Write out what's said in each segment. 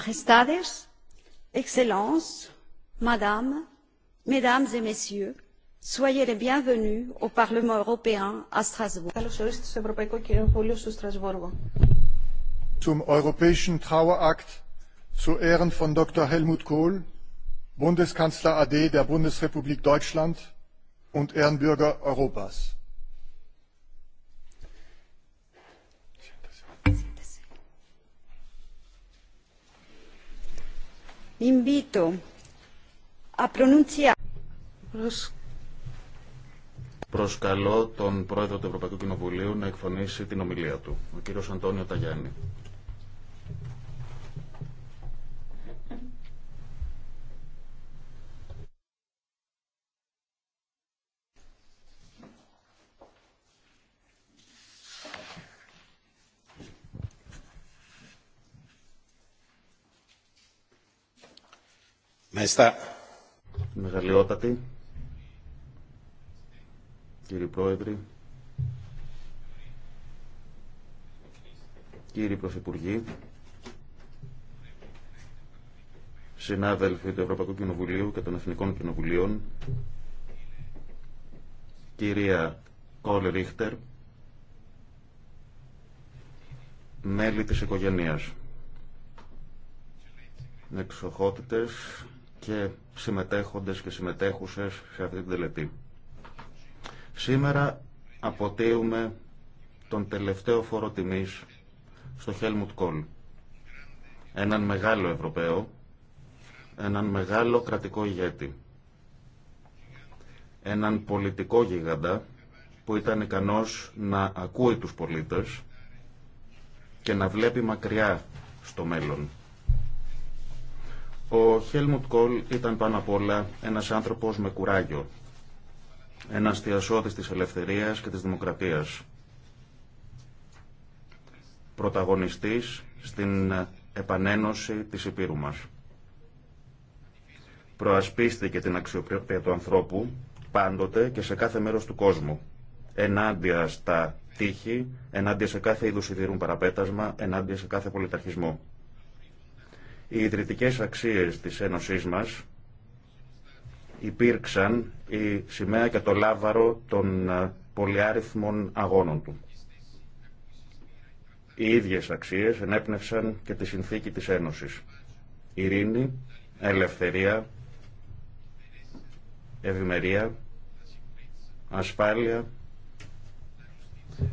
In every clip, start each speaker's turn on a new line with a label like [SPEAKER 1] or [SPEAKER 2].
[SPEAKER 1] Majestades, Excellences, Madame, Mesdames et Messieurs, soyez les bienvenus au Parlement européen à Strasbourg.
[SPEAKER 2] Zum europäischen Trauerakt zu Ehren von Dr. Helmut Kohl, Bundeskanzler AD der Bundesrepublik Deutschland und Ehrenbürger Europas.
[SPEAKER 3] Προσκαλώ τον πρόεδρο του Ευρωπαϊκού Κοινοβουλίου να εκφωνήσει την ομιλία του, ο κύριος Αντώνιο Ταγιάννη. Μεστά. Μεγαλειότατη. Κύριε Πρόεδρε. Κύριοι Πρωθυπουργοί. Συνάδελφοι του Ευρωπαϊκού Κοινοβουλίου και των Εθνικών Κοινοβουλίων. Κυρία Κόλ Ρίχτερ. Μέλη της οικογένειας. Εξοχότητες, και συμμετέχοντες και συμμετέχουσες σε αυτή την τελετή. Σήμερα αποτείουμε τον τελευταίο φόρο τιμής στο Χέλμουτ Κόλ. Έναν μεγάλο Ευρωπαίο, έναν μεγάλο κρατικό ηγέτη. Έναν πολιτικό γίγαντα που ήταν ικανός να ακούει τους πολίτες και να βλέπει μακριά στο μέλλον. Ο Χέλμουντ Κόλ ήταν πάνω απ' όλα ένας άνθρωπος με κουράγιο, ένας θειασότης της ελευθερίας και της δημοκρατίας, πρωταγωνιστής στην επανένωση της Επίρου μας. Προασπίστηκε την αξιοπρέπεια του ανθρώπου πάντοτε και σε κάθε μέρος του κόσμου, ενάντια στα τείχη, ενάντια σε κάθε είδους σιδηρούν παραπέτασμα, ενάντια σε κάθε πολιταρχισμό. Οι ιδρυτικές αξίες της Ένωσής μας υπήρξαν η σημαία και το λάβαρο των ε, πολυάριθμων αγώνων του. Οι ίδιες αξίες ενέπνευσαν και τη συνθήκη της Ένωσης. Ειρήνη, ελευθερία, ευημερία, ασφάλεια,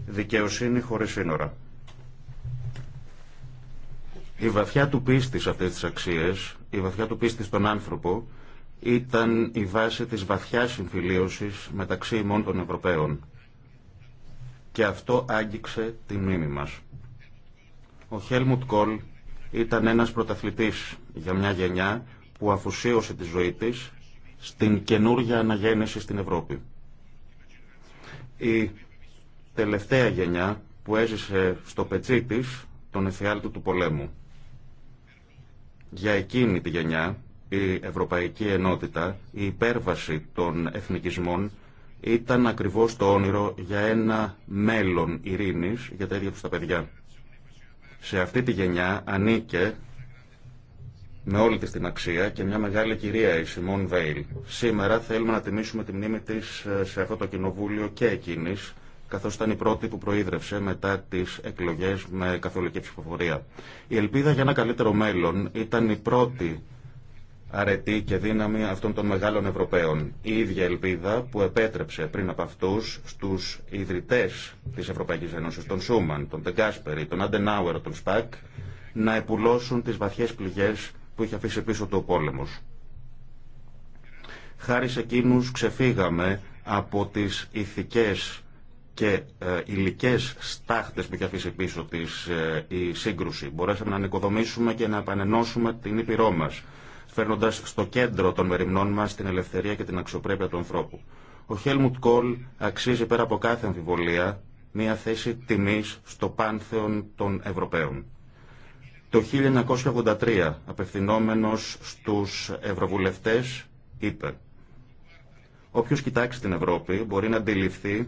[SPEAKER 3] δικαιοσύνη χωρίς σύνορα. Η βαθιά του πίστη σε αυτές τις αξίες, η βαθιά του πίστη στον άνθρωπο, ήταν η βάση της βαθιάς συμφιλίωσης μεταξύ ημών των Ευρωπαίων. Και αυτό άγγιξε τη μνήμη μας. Ο Χέλμουτ Κόλ ήταν ένας πρωταθλητής για μια γενιά που αφουσίωσε τη ζωή της στην καινούργια αναγέννηση στην Ευρώπη. Η τελευταία γενιά που έζησε στο πετσί της τον εφιάλτη του πολέμου. Για εκείνη τη γενιά η Ευρωπαϊκή Ενότητα, η υπέρβαση των εθνικισμών ήταν ακριβώς το όνειρο για ένα μέλλον ειρήνης για τα ίδια τους τα παιδιά. Σε αυτή τη γενιά ανήκε με όλη της την αξία και μια μεγάλη κυρία η Σιμών Βέιλ. Σήμερα θέλουμε να τιμήσουμε τη μνήμη της ε, σε αυτό το κοινοβούλιο και εκείνης καθώς ήταν η πρώτη που προείδρευσε μετά τις εκλογές με καθολική ψηφοφορία. Η ελπίδα για ένα καλύτερο μέλλον ήταν η πρώτη αρετή και δύναμη αυτών των μεγάλων Ευρωπαίων. Η ίδια ελπίδα που επέτρεψε πριν από αυτούς στους ιδρυτές της Ευρωπαϊκής Ένωσης, τον Σούμαν, τον Τεγκάσπερη, τον Αντενάουερ, τον Σπακ, να επουλώσουν τις βαθιές πληγές που είχε αφήσει πίσω του ο πόλεμο. Χάρη σε ξεφύγαμε από τις ηθικές και ε, υλικέ στάχτε που είχε αφήσει πίσω τη ε, η σύγκρουση. Μπορέσαμε να νοικοδομήσουμε και να επανενώσουμε την ήπειρό μα, φέρνοντα στο κέντρο των μεριμνών μα την ελευθερία και την αξιοπρέπεια του ανθρώπου. Ο Χέλμουντ Κόλ αξίζει πέρα από κάθε αμφιβολία μια θέση τιμή στο πάνθεον των Ευρωπαίων. Το 1983, απευθυνόμενος στους Ευρωβουλευτές, είπε «Όποιος κοιτάξει την Ευρώπη μπορεί να αντιληφθεί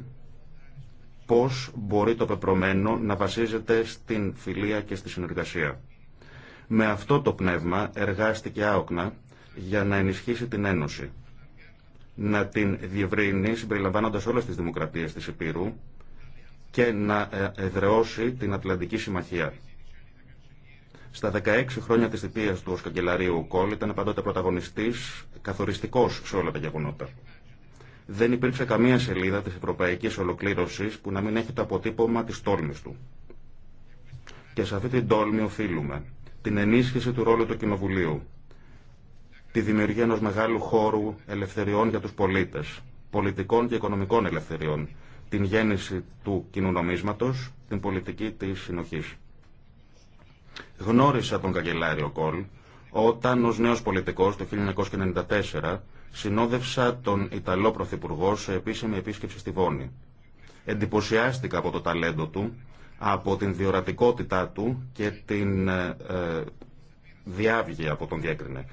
[SPEAKER 3] πώς μπορεί το πεπρωμένο να βασίζεται στην φιλία και στη συνεργασία. Με αυτό το πνεύμα εργάστηκε άοκνα για να ενισχύσει την Ένωση, να την διευρύνει συμπεριλαμβάνοντας όλες τις δημοκρατίες της Επίρου και να ε, εδρεώσει την Ατλαντική Συμμαχία. Στα 16 χρόνια της θητείας του ως καγκελαρίου Κόλ ήταν παντότε πρωταγωνιστής καθοριστικός σε όλα τα γεγονότα. Δεν υπήρξε καμία σελίδα της ευρωπαϊκής ολοκλήρωσης που να μην έχει το αποτύπωμα της τόλμης του. Και σε αυτή την τόλμη οφείλουμε την ενίσχυση του ρόλου του Κοινοβουλίου, τη δημιουργία ενός μεγάλου χώρου ελευθεριών για τους πολίτες, πολιτικών και οικονομικών ελευθεριών, την γέννηση του κοινού την πολιτική της συνοχής. Γνώρισα τον καγκελάριο Κόλ όταν ως νέος πολιτικός το 1994 συνόδευσα τον Ιταλό Πρωθυπουργό σε επίσημη επίσκεψη στη Βόνη. Εντυπωσιάστηκα από το ταλέντο του, από την διορατικότητά του και την ε, ε, διάβγεια από τον διέκρινε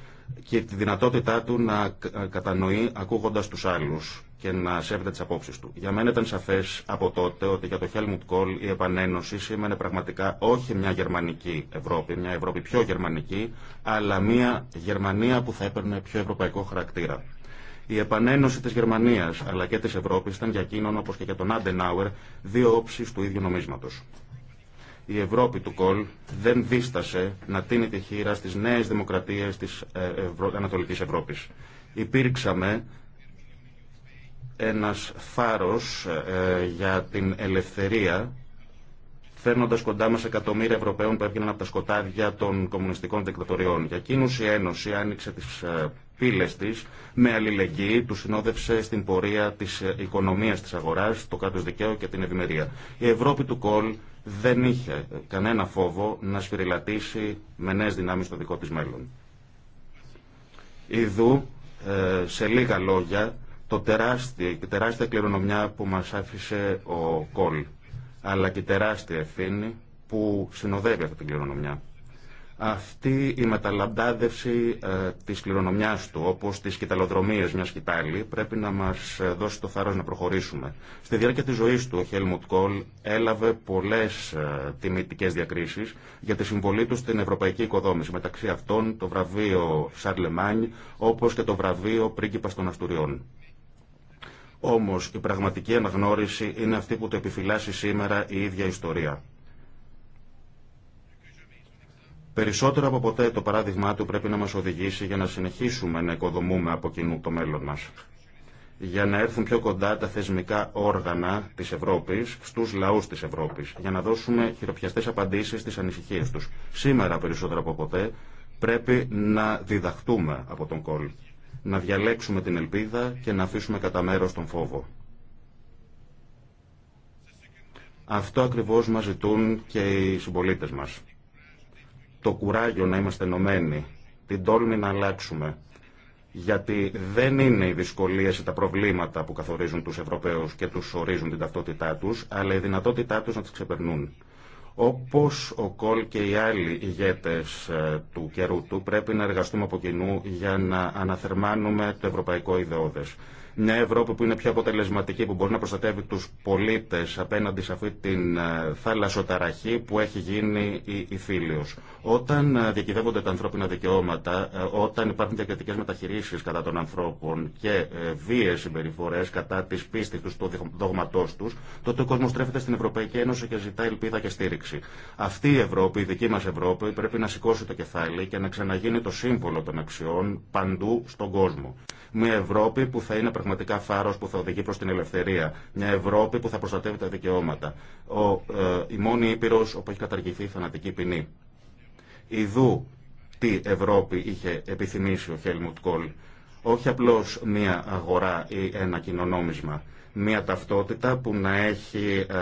[SPEAKER 3] και τη δυνατότητά του να κατανοεί ακούγοντας τους άλλους και να σέβεται τις απόψεις του. Για μένα ήταν σαφές από τότε ότι για το Helmut Kohl η επανένωση σήμαινε πραγματικά όχι μια γερμανική Ευρώπη, μια Ευρώπη πιο γερμανική, αλλά μια Γερμανία που θα έπαιρνε πιο ευρωπαϊκό χαρακτήρα. Η επανένωση της Γερμανίας αλλά και της Ευρώπης ήταν για εκείνον όπως και για τον Άντενάουερ δύο όψεις του ίδιου νομίσματος. Η Ευρώπη του Κολ δεν δίστασε να τίνει τη χείρα στις νέες δημοκρατίες της ε, Ευρω... Ανατολικής Ευρώπης. Υπήρξαμε ένας φάρος ε, για την ελευθερία φέρνοντας κοντά μας εκατομμύρια Ευρωπαίων που έβγαιναν από τα σκοτάδια των κομμουνιστικών δικτατοριών. Για εκείνου η Ένωση άνοιξε τι ε, πύλε τη με αλληλεγγύη, του συνόδευσε στην πορεία τη οικονομία τη αγορά, το κράτο δικαίου και την ευημερία. Η Ευρώπη του Κολ δεν είχε κανένα φόβο να σφυριλατήσει με νέες δυνάμεις το δικό της μέλλον. Ιδού, ε, σε λίγα λόγια, το τεράστιο, η τεράστια κληρονομιά που μας άφησε ο Κόλ, αλλά και η τεράστια ευθύνη που συνοδεύει αυτή την κληρονομιά αυτή η μεταλαμπάδευση ε, της κληρονομιάς του, όπως τις κυταλοδρομίες μια σκητάλη, πρέπει να μας ε, δώσει το θάρρος να προχωρήσουμε. Στη διάρκεια της ζωής του, ο Χέλμουτ Κόλ έλαβε πολλές ε, τιμητικές διακρίσεις για τη συμβολή του στην ευρωπαϊκή οικοδόμηση, μεταξύ αυτών το βραβείο Σαρλεμάνι, όπως και το βραβείο Πρίγκιπας των Αστουριών. Όμως η πραγματική αναγνώριση είναι αυτή που το επιφυλάσσει σήμερα η ίδια ιστορία. Περισσότερο από ποτέ το παράδειγμά του πρέπει να μας οδηγήσει για να συνεχίσουμε να οικοδομούμε από κοινού το μέλλον μας. Για να έρθουν πιο κοντά τα θεσμικά όργανα της Ευρώπης στους λαούς της Ευρώπης. Για να δώσουμε χειροπιαστές απαντήσεις στις ανησυχίες τους. Σήμερα περισσότερο από ποτέ πρέπει να διδαχτούμε από τον κόλ. Να διαλέξουμε την ελπίδα και να αφήσουμε κατά μέρο τον φόβο. Αυτό ακριβώς μας ζητούν και οι συμπολίτες μας το κουράγιο να είμαστε ενωμένοι, την τόλμη να αλλάξουμε. Γιατί δεν είναι οι δυσκολίε ή τα προβλήματα που καθορίζουν του Ευρωπαίου και του ορίζουν την ταυτότητά του, αλλά η δυνατότητά του να τι ξεπερνούν. Όπω ο Κολ και οι άλλοι ηγέτε ε, του καιρού του, πρέπει να εργαστούμε από κοινού για να αναθερμάνουμε το ευρωπαϊκό ιδεώδε. Μια Ευρώπη που είναι πιο αποτελεσματική, που μπορεί να προστατεύει του πολίτε απέναντι σε αυτή την ε, θάλασσοταραχή που έχει γίνει η, η φίλιος. Όταν ε, διακυβεύονται τα ανθρώπινα δικαιώματα, ε, όταν υπάρχουν διακριτικέ μεταχειρήσει κατά των ανθρώπων και βίαιε συμπεριφορέ κατά τη πίστη του, του δόγματό του, τότε ο κόσμο στρέφεται στην Ευρωπαϊκή Ένωση και ζητά ελπίδα και στήριξη. Αυτή η Ευρώπη, η δική μα Ευρώπη, πρέπει να σηκώσει το κεφάλι και να ξαναγίνει το σύμβολο των αξιών παντού στον κόσμο. Μια Ευρώπη που θα είναι πραγματικά φάρο που θα οδηγεί προ την ελευθερία. Μια Ευρώπη που θα προστατεύει τα δικαιώματα. Ο, ε, η μόνη ήπειρο όπου έχει καταργηθεί η θανατική ποινή. Ιδού τι Ευρώπη είχε επιθυμήσει ο Χέλμουντ Κόλ. Όχι απλώ μια αγορά ή ένα κοινωνόμισμα. Μια ταυτότητα που να έχει ε,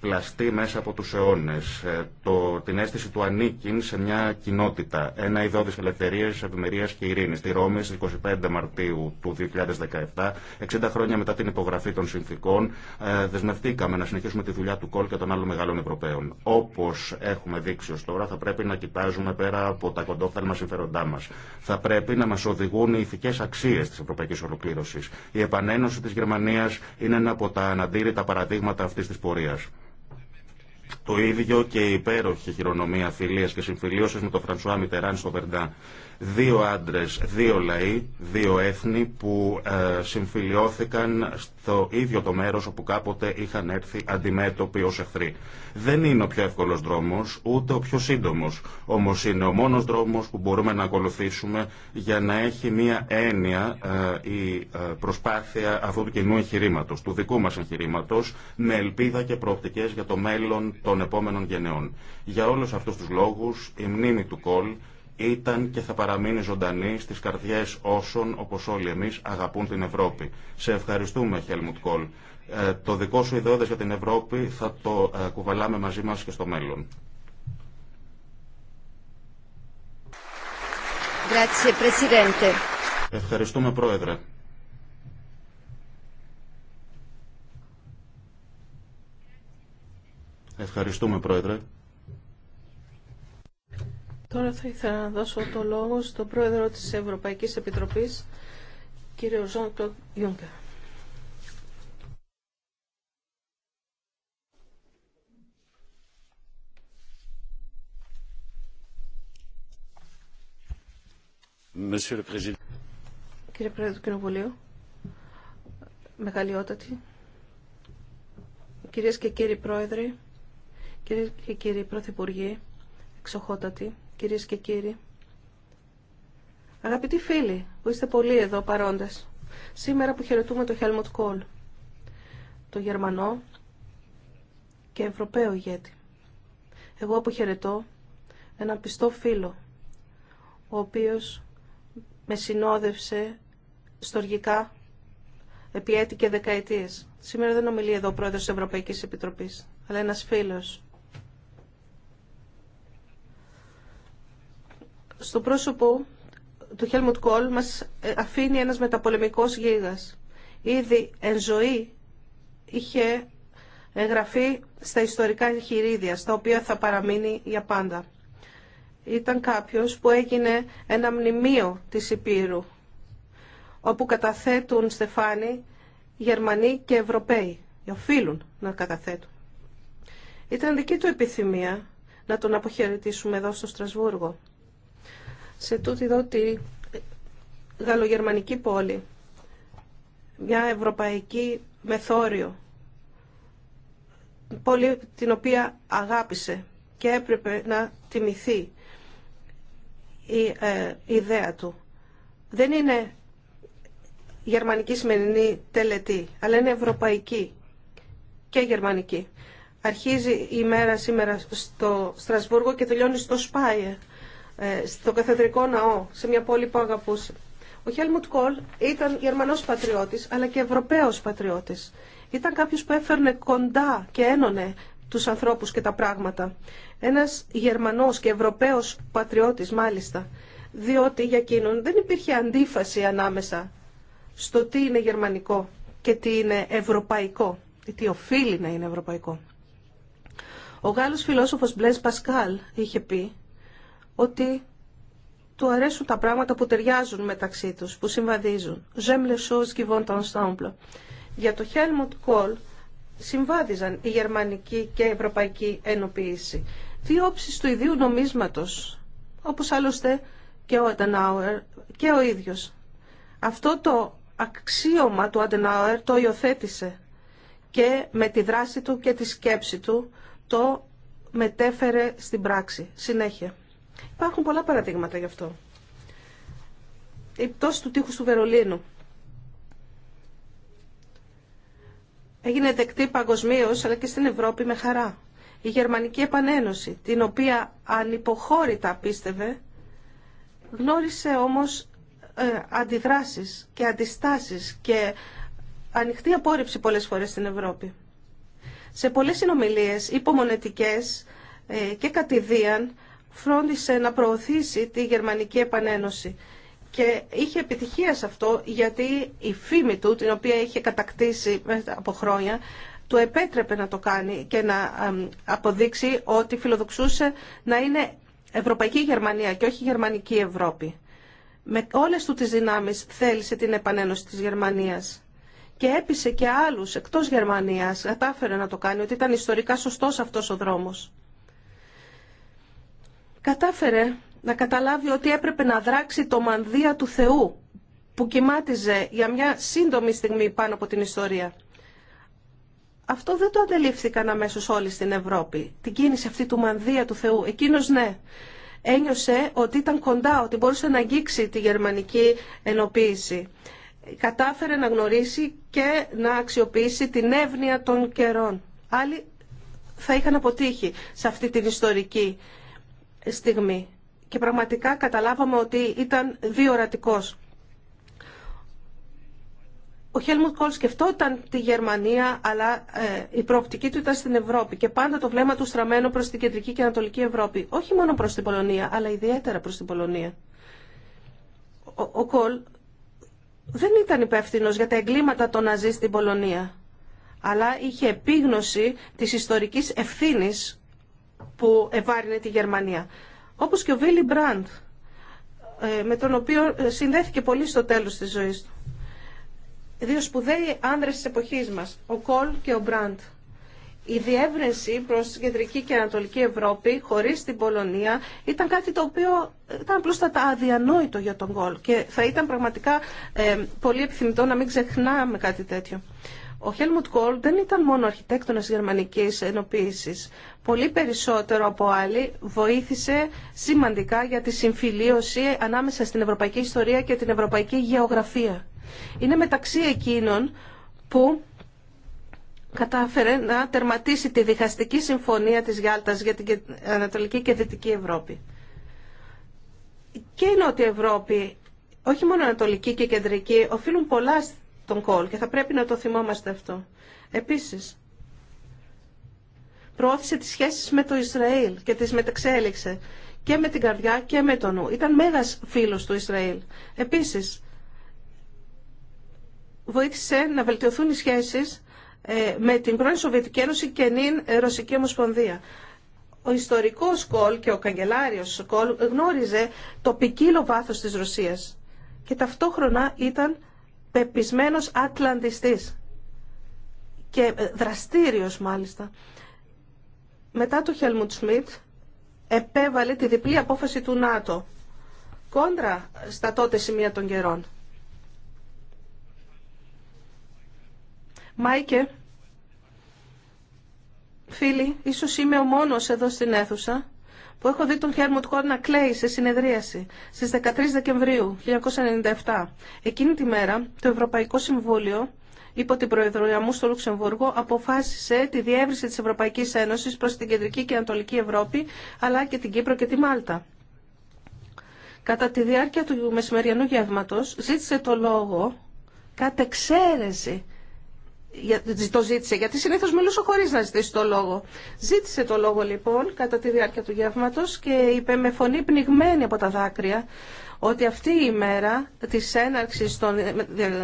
[SPEAKER 3] πλαστεί μέσα από τους αιώνες, ε, το, την αίσθηση του ανήκει σε μια κοινότητα, ένα της ελευθερίας, ευημερίας και ειρήνης. Στη Ρώμη στις 25 Μαρτίου του 2017, 60 χρόνια μετά την υπογραφή των συνθήκων, ε, δεσμευτήκαμε να συνεχίσουμε τη δουλειά του ΚΟΛ και των άλλων μεγάλων Ευρωπαίων. Όπως έχουμε δείξει ως τώρα, θα πρέπει να κοιτάζουμε πέρα από τα κοντόφθαλμα συμφέροντά μας. Θα πρέπει να μας οδηγούν οι ηθικές αξίες της ευρωπαϊκής ολοκλήρωσης. Η επανένωση της Γερμανίας είναι είναι ένα από τα αναντήρητα παραδείγματα αυτής της πορεία. Το ίδιο και η υπέροχη χειρονομία φιλία και συμφιλίωση με τον Φρανσουά Μιτεράν στο Βερντά. Δύο άντρες, δύο λαοί, δύο έθνη που ε, συμφιλιώθηκαν στο ίδιο το μέρος όπου κάποτε είχαν έρθει αντιμέτωποι ως εχθροί. Δεν είναι ο πιο εύκολος δρόμος, ούτε ο πιο σύντομος. Όμως είναι ο μόνος δρόμος που μπορούμε να ακολουθήσουμε για να έχει μία έννοια ε, η ε, προσπάθεια αυτού του κοινού εγχειρήματος, του δικού μας εγχειρήματος, με ελπίδα και προοπτικές για το μέλλον των επόμενων γενεών. Για όλους αυτούς τους λόγους, η μνήμη του Κολ ήταν και θα παραμείνει ζωντανή στις καρδιές όσων, όπως όλοι εμείς, αγαπούν την Ευρώπη. Σε ευχαριστούμε, Χέλμουτ Κόλ. Ε, το δικό σου ιδεώδες για την Ευρώπη θα το ε, κουβαλάμε μαζί μας και στο μέλλον. Ευχαριστούμε, Πρόεδρε. Ευχαριστούμε, Πρόεδρε.
[SPEAKER 1] Τώρα θα ήθελα να δώσω το λόγο στον πρόεδρο της Ευρωπαϊκής Επιτροπής, κύριο Ζων Κλοντ Κύριε Πρόεδρε του Κοινοβουλίου, μεγαλειότατοι, κυρίες και κύριοι πρόεδροι, κυρίες και κύριοι πρωθυπουργοί, εξοχότατοι, κυρίες και κύριοι. Αγαπητοί φίλοι που είστε πολλοί εδώ παρόντες, σήμερα που χαιρετούμε τον Χέλμοντ Κόλ, τον Γερμανό και Ευρωπαίο ηγέτη. Εγώ αποχαιρετώ έναν πιστό φίλο, ο οποίος με συνόδευσε στοργικά επί έτη και δεκαετίες. Σήμερα δεν ομιλεί εδώ ο πρόεδρος της Ευρωπαϊκής Επιτροπής, αλλά ένας φίλος στο πρόσωπο του Χέλμουτ Κόλ μας ε, αφήνει ένας μεταπολεμικός γίγας. Ήδη εν ζωή είχε εγγραφεί στα ιστορικά εγχειρίδια, στα οποία θα παραμείνει για πάντα. Ήταν κάποιος που έγινε ένα μνημείο της Υπήρου, όπου καταθέτουν στεφάνι Γερμανοί και Ευρωπαίοι. Οφείλουν να καταθέτουν. Ήταν δική του επιθυμία να τον αποχαιρετήσουμε εδώ στο Στρασβούργο σε τούτη εδώ τη γαλλογερμανική πόλη, μια ευρωπαϊκή μεθόριο, πόλη την οποία αγάπησε και έπρεπε να τιμηθεί ε, η ιδέα του. Δεν είναι γερμανική σημερινή τελετή, αλλά είναι ευρωπαϊκή και γερμανική. Αρχίζει η μέρα σήμερα στο Στρασβούργο και τελειώνει στο Σπάιε. Ε, στο καθεδρικό ναό, σε μια πόλη που αγαπούσε. Ο Χέλμουτ Κόλ ήταν Γερμανός πατριώτης, αλλά και Ευρωπαίος πατριώτης. Ήταν κάποιος που έφερνε κοντά και ένωνε τους ανθρώπους και τα πράγματα. Ένας Γερμανός και Ευρωπαίος πατριώτης μάλιστα, διότι για εκείνον δεν υπήρχε αντίφαση ανάμεσα στο τι είναι γερμανικό και τι είναι ευρωπαϊκό, ή τι οφείλει να είναι ευρωπαϊκό. Ο Γάλλος φιλόσοφος Μπλέζ Πασκάλ είχε πει ότι του αρέσουν τα πράγματα που ταιριάζουν μεταξύ τους, που συμβαδίζουν. J'aime les choses Για το Helmut Kohl συμβάδιζαν η γερμανική και η ευρωπαϊκή ενοποίηση. Δύο όψεις του ιδίου νομίσματος, όπως άλλωστε και ο Αντενάουερ και ο ίδιος. Αυτό το αξίωμα του Αντενάουερ το υιοθέτησε και με τη δράση του και τη σκέψη του το μετέφερε στην πράξη. Συνέχεια. Υπάρχουν πολλά παραδείγματα γι' αυτό. Η πτώση του τείχους του Βερολίνου. Έγινε δεκτή παγκοσμίω αλλά και στην Ευρώπη με χαρά. Η Γερμανική Επανένωση, την οποία ανυποχώρητα πίστευε, γνώρισε όμως ε, αντιδράσεις και αντιστάσεις και ανοιχτή απόρριψη πολλές φορές στην Ευρώπη. Σε πολλές συνομιλίες υπομονετικές ε, και κατηδίαν φρόντισε να προωθήσει τη Γερμανική Επανένωση. Και είχε επιτυχία σε αυτό γιατί η φήμη του, την οποία είχε κατακτήσει από χρόνια, του επέτρεπε να το κάνει και να αποδείξει ότι φιλοδοξούσε να είναι Ευρωπαϊκή Γερμανία και όχι Γερμανική Ευρώπη. Με όλες του τις δυνάμεις θέλησε την επανένωση της Γερμανίας και έπεισε και άλλους εκτός Γερμανίας, κατάφερε να το κάνει, ότι ήταν ιστορικά σωστός αυτός ο δρόμος κατάφερε να καταλάβει ότι έπρεπε να δράξει το μανδύα του Θεού που κοιμάτιζε για μια σύντομη στιγμή πάνω από την ιστορία. Αυτό δεν το αντελήφθηκαν αμέσω όλοι στην Ευρώπη. Την κίνηση αυτή του μανδύα του Θεού. Εκείνο ναι. Ένιωσε ότι ήταν κοντά, ότι μπορούσε να αγγίξει τη γερμανική ενοποίηση. Κατάφερε να γνωρίσει και να αξιοποιήσει την εύνοια των καιρών. Άλλοι θα είχαν αποτύχει σε αυτή την ιστορική στιγμή και πραγματικά καταλάβαμε ότι ήταν διορατικός. Ο Χέλμουτ Κόλ σκεφτόταν τη Γερμανία, αλλά ε, η προοπτική του ήταν στην Ευρώπη και πάντα το βλέμμα του στραμμένο προς την κεντρική και ανατολική Ευρώπη. Όχι μόνο προς την Πολωνία, αλλά ιδιαίτερα προς την Πολωνία. Ο, Κόλ δεν ήταν υπεύθυνο για τα εγκλήματα των Ναζί στην Πολωνία, αλλά είχε επίγνωση της ιστορικής ευθύνης που ευάρυνε τη Γερμανία. Όπως και ο Βίλι Μπραντ, ε, με τον οποίο ε, συνδέθηκε πολύ στο τέλος της ζωής του. Δύο σπουδαίοι άνδρες της εποχής μας, ο Κολ και ο Μπραντ. Η διεύρυνση προς την Κεντρική και Ανατολική Ευρώπη, χωρίς την Πολωνία, ήταν κάτι το οποίο ε, ήταν τα αδιανόητο για τον Κολ και θα ήταν πραγματικά πολύ επιθυμητό να μην ξεχνάμε κάτι τέτοιο. Ο Χέλμουτ Κόλ δεν ήταν μόνο αρχιτέκτονας γερμανικής ενοποίησης. Πολύ περισσότερο από άλλοι βοήθησε σημαντικά για τη συμφιλίωση ανάμεσα στην ευρωπαϊκή ιστορία και την ευρωπαϊκή γεωγραφία. Είναι μεταξύ εκείνων που κατάφερε να τερματίσει τη διχαστική συμφωνία της Γιάλτας για την Ανατολική και Δυτική Ευρώπη. Και η Νότια Ευρώπη, όχι μόνο Ανατολική και Κεντρική, οφείλουν πολλά τον κόλ και θα πρέπει να το θυμόμαστε αυτό. Επίσης, προώθησε τις σχέσεις με το Ισραήλ και τις μεταξέλιξε και με την καρδιά και με τον νου. Ήταν μέγας φίλος του Ισραήλ. Επίσης, βοήθησε να βελτιωθούν οι σχέσεις ε, με την πρώην Σοβιετική Ένωση και την ε, Ρωσική Ομοσπονδία. Ο ιστορικός Κόλ και ο καγκελάριος Κόλ γνώριζε το ποικίλο βάθος της Ρωσίας και ταυτόχρονα ήταν πεπισμένος ατλαντιστής και ε, δραστήριος μάλιστα. Μετά το Χέλμουντ Σμιτ επέβαλε τη διπλή απόφαση του ΝΑΤΟ κόντρα στα τότε σημεία των καιρών. Μάικε, φίλοι, ίσως είμαι ο μόνος εδώ στην αίθουσα που έχω δει τον Χέρμουτ Κόρ να κλαίει σε συνεδρίαση στις 13 Δεκεμβρίου 1997. Εκείνη τη μέρα το Ευρωπαϊκό Συμβούλιο υπό την Προεδρία μου στο Λουξεμβούργο αποφάσισε τη διεύρυνση της Ευρωπαϊκής Ένωσης προς την Κεντρική και Ανατολική Ευρώπη αλλά και την Κύπρο και τη Μάλτα. Κατά τη διάρκεια του μεσημεριανού γεύματος ζήτησε το λόγο κατεξαίρεση το ζήτησε, γιατί συνήθως μιλούσε χωρίς να ζητήσει το λόγο. Ζήτησε το λόγο λοιπόν κατά τη διάρκεια του γεύματος και είπε με φωνή πνιγμένη από τα δάκρυα ότι αυτή η μέρα της έναρξης των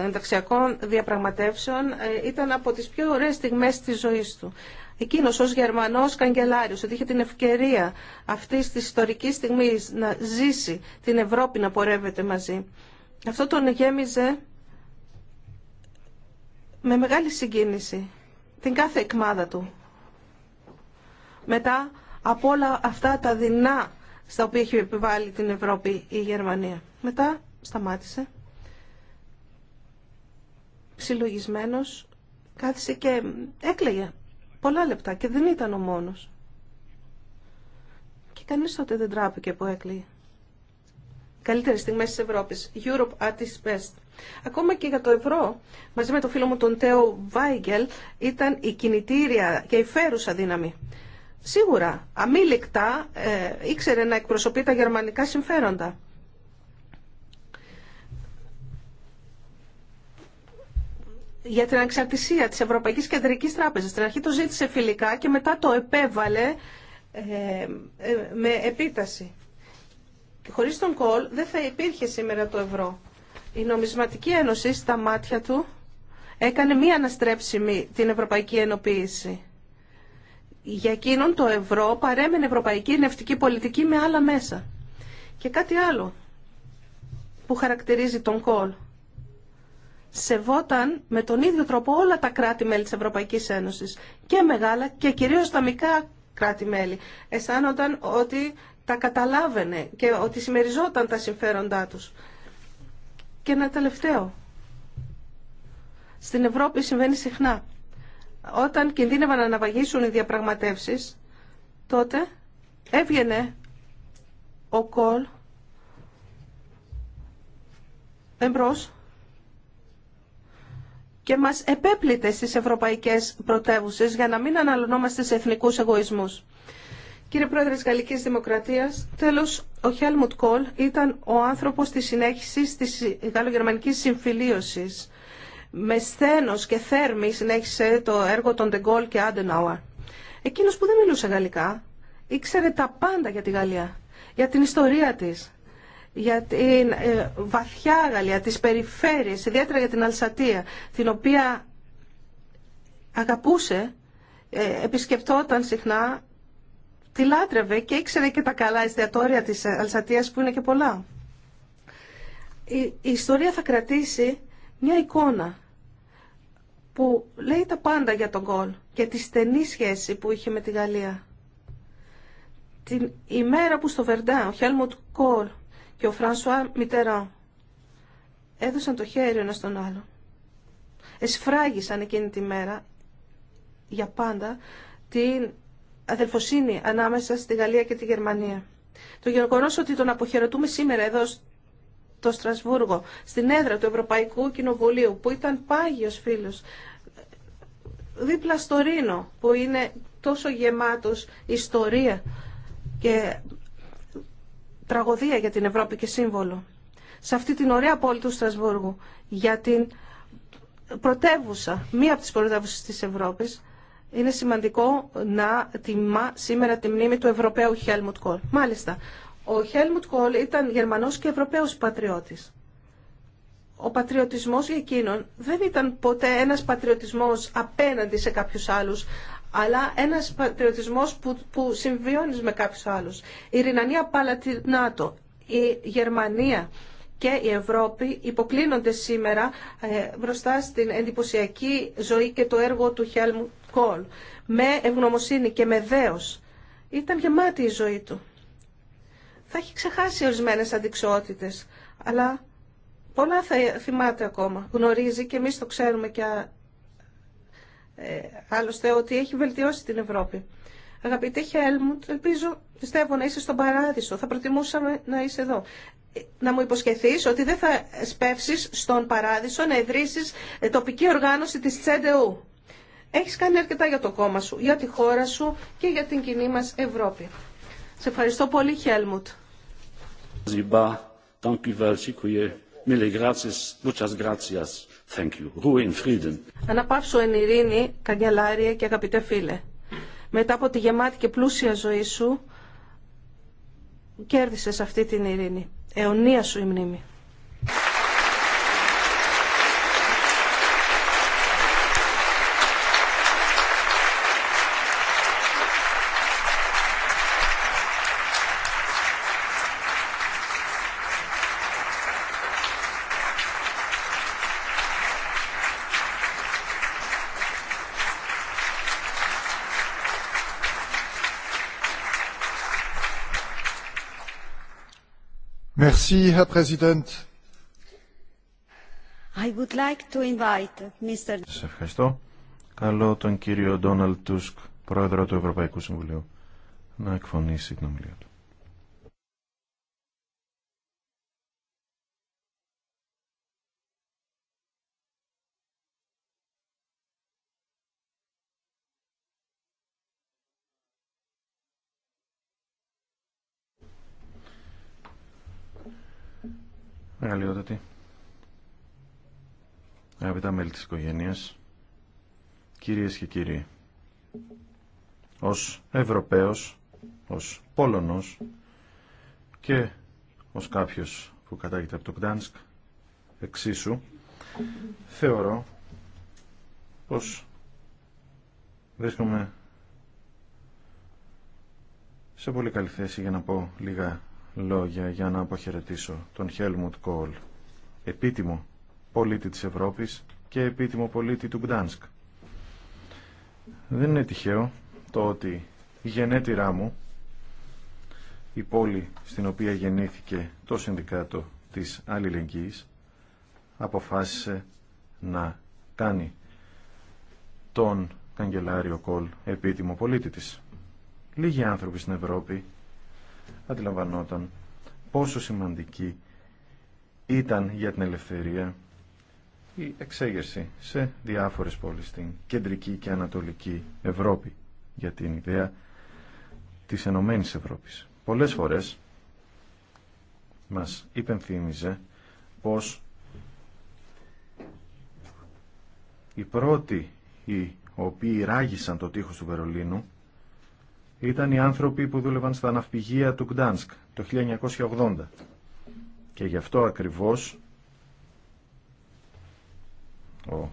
[SPEAKER 1] ενταξιακών διαπραγματεύσεων ε, ήταν από τις πιο ωραίες στιγμές της ζωής του. Εκείνος ως Γερμανός καγκελάριος ότι είχε την ευκαιρία αυτή τη ιστορική στιγμή να ζήσει την Ευρώπη να πορεύεται μαζί. Αυτό τον γέμιζε με μεγάλη συγκίνηση την κάθε εκμάδα του. Μετά από όλα αυτά τα δεινά στα οποία έχει επιβάλει την Ευρώπη η Γερμανία. Μετά σταμάτησε. Συλλογισμένος κάθισε και έκλαιγε πολλά λεπτά και δεν ήταν ο μόνος. Και κανείς τότε δεν τράπηκε που έκλαιγε. Καλύτερες στιγμές της Ευρώπης. Europe at its best. Ακόμα και για το ευρώ, μαζί με το φίλο μου τον Τέο Βάιγκελ, ήταν η κινητήρια και η φέρουσα δύναμη. Σίγουρα, αμήλικτα, ε, ήξερε να εκπροσωπεί τα γερμανικά συμφέροντα. για την ανεξαρτησία της Ευρωπαϊκής Κεντρικής Τράπεζας. Στην αρχή το ζήτησε φιλικά και μετά το επέβαλε ε, ε, με επίταση. Και χωρίς τον κόλ δεν θα υπήρχε σήμερα το ευρώ. Η Νομισματική Ένωση στα μάτια του έκανε μία αναστρέψιμη την ευρωπαϊκή ενοποίηση. Για εκείνον το ευρώ παρέμενε ευρωπαϊκή νευτική πολιτική με άλλα μέσα. Και κάτι άλλο που χαρακτηρίζει τον κόλ. Σεβόταν με τον ίδιο τρόπο όλα τα κράτη-μέλη της Ευρωπαϊκής Ένωσης. Και μεγάλα και κυρίως τα μικρά κράτη-μέλη. Αισθάνονταν ότι τα καταλάβαινε και ότι συμμεριζόταν τα συμφέροντά τους. Και ένα τελευταίο. Στην Ευρώπη συμβαίνει συχνά. Όταν κινδύνευαν να αναβαγίσουν οι διαπραγματεύσεις, τότε έβγαινε ο Κολ εμπρός και μας επέπλητε στις ευρωπαϊκές πρωτεύουσες για να μην αναλωνόμαστε σε εθνικούς εγωισμούς. Κύριε Πρόεδρε της Γαλλικής Δημοκρατίας, τέλος, ο Χέλμουτ Κόλ ήταν ο άνθρωπος της συνέχισης της γαλλογερμανικής συμφιλίωσης. Με σθένος και θέρμη συνέχισε το έργο των Ντεγκόλ και Αντενάουα. Εκείνος που δεν μιλούσε γαλλικά, ήξερε τα πάντα για τη Γαλλία, για την ιστορία της, για την ε, βαθιά Γαλλία, τις περιφέρειες, ιδιαίτερα για την Αλσατία, την οποία αγαπούσε, ε, επισκεπτόταν συχνά τη λάτρευε και ήξερε και τα καλά εστιατόρια της Αλσατίας που είναι και πολλά. Η, ιστορία θα κρατήσει μια εικόνα που λέει τα πάντα για τον Κόλ και τη στενή σχέση που είχε με τη Γαλλία. Την ημέρα που στο Βερντά ο Χέλμουτ Κόλ και ο Φρανσουά Μιτερά έδωσαν το χέρι ένα στον άλλο. Εσφράγισαν εκείνη τη μέρα για πάντα την αδελφοσύνη ανάμεσα στη Γαλλία και τη Γερμανία. Το γεγονό ότι τον αποχαιρετούμε σήμερα εδώ στο Στρασβούργο, στην έδρα του Ευρωπαϊκού Κοινοβουλίου, που ήταν πάγιος φίλος, δίπλα στο Ρήνο, που είναι τόσο γεμάτος ιστορία και τραγωδία για την Ευρώπη και σύμβολο. Σε αυτή την ωραία πόλη του Στρασβούργου, για την πρωτεύουσα, μία από τις πρωτεύουσες της Ευρώπης, είναι σημαντικό να τιμά σήμερα τη μνήμη του Ευρωπαίου Χέλμουτ Κόλ. Μάλιστα, ο Χέλμουτ Κόλ ήταν Γερμανός και Ευρωπαίος πατριώτης. Ο πατριωτισμός για εκείνον δεν ήταν ποτέ ένας πατριωτισμός απέναντι σε κάποιους άλλους, αλλά ένας πατριωτισμός που, που συμβιώνει με κάποιους άλλους. Η Ρινανία Παλατινάτο, η Γερμανία και η Ευρώπη υποκλίνονται σήμερα ε, μπροστά στην εντυπωσιακή ζωή και το έργο του Χέλμουτ με ευγνωμοσύνη και με δέος. Ήταν γεμάτη η ζωή του. Θα έχει ξεχάσει ορισμένε αντικσότητες, αλλά πολλά θα θυμάται ακόμα. Γνωρίζει και εμείς το ξέρουμε και ε, άλλωστε ότι έχει βελτιώσει την Ευρώπη. Αγαπητέ Χέλμουντ, ελπίζω, πιστεύω να είσαι στον παράδεισο. Θα προτιμούσαμε να είσαι εδώ. Να μου υποσχεθείς ότι δεν θα σπεύσεις στον παράδεισο να ιδρύσεις ε, τοπική οργάνωση της Τσέντεου. Έχεις κάνει αρκετά για το κόμμα σου, για τη χώρα σου και για την κοινή μας Ευρώπη. Σε ευχαριστώ πολύ, Χέλμουτ. Αναπαύσω εν ειρήνη, καγκελάρια και αγαπητέ φίλε. Μετά από τη γεμάτη και πλούσια ζωή σου, κέρδισες αυτή την ειρήνη. Αιωνία σου η μνήμη.
[SPEAKER 2] Merci, Herr Präsident.
[SPEAKER 1] I would like to invite Mr. Σας
[SPEAKER 2] ευχαριστώ. Καλώ τον κύριο Ντόναλτ Τούσκ, πρόεδρο του Ευρωπαϊκού Συμβουλίου, να εκφωνήσει την ομιλία του. Μεγαλειότατη. Αγαπητά μέλη της οικογένειας, κυρίες και κύριοι, ως Ευρωπαίος, ως Πόλωνος και ως κάποιος που κατάγεται από το Κτάνσκ, εξίσου, θεωρώ πως βρίσκομαι σε πολύ καλή θέση για να πω λίγα λόγια για να αποχαιρετήσω τον Χέλμουντ Κόλ, επίτιμο πολίτη της Ευρώπης και επίτιμο πολίτη του Γκτάνσκ. Δεν είναι τυχαίο το ότι η γενέτηρά μου, η πόλη στην οποία γεννήθηκε το Συνδικάτο της Αλληλεγγύης, αποφάσισε να κάνει τον καγκελάριο Κόλ επίτιμο πολίτη της. Λίγοι άνθρωποι στην Ευρώπη αντιλαμβανόταν πόσο σημαντική ήταν για την ελευθερία η εξέγερση σε διάφορες πόλεις στην κεντρική και ανατολική Ευρώπη για την ιδέα της Ενωμένης Ευρώπης. Πολλές φορές μας υπενθύμιζε πως οι πρώτοι οι οποίοι ράγισαν το τείχος του Βερολίνου ήταν οι άνθρωποι που δούλευαν στα ναυπηγεία του Γκτάνσκ το 1980. Και γι' αυτό ακριβώς ο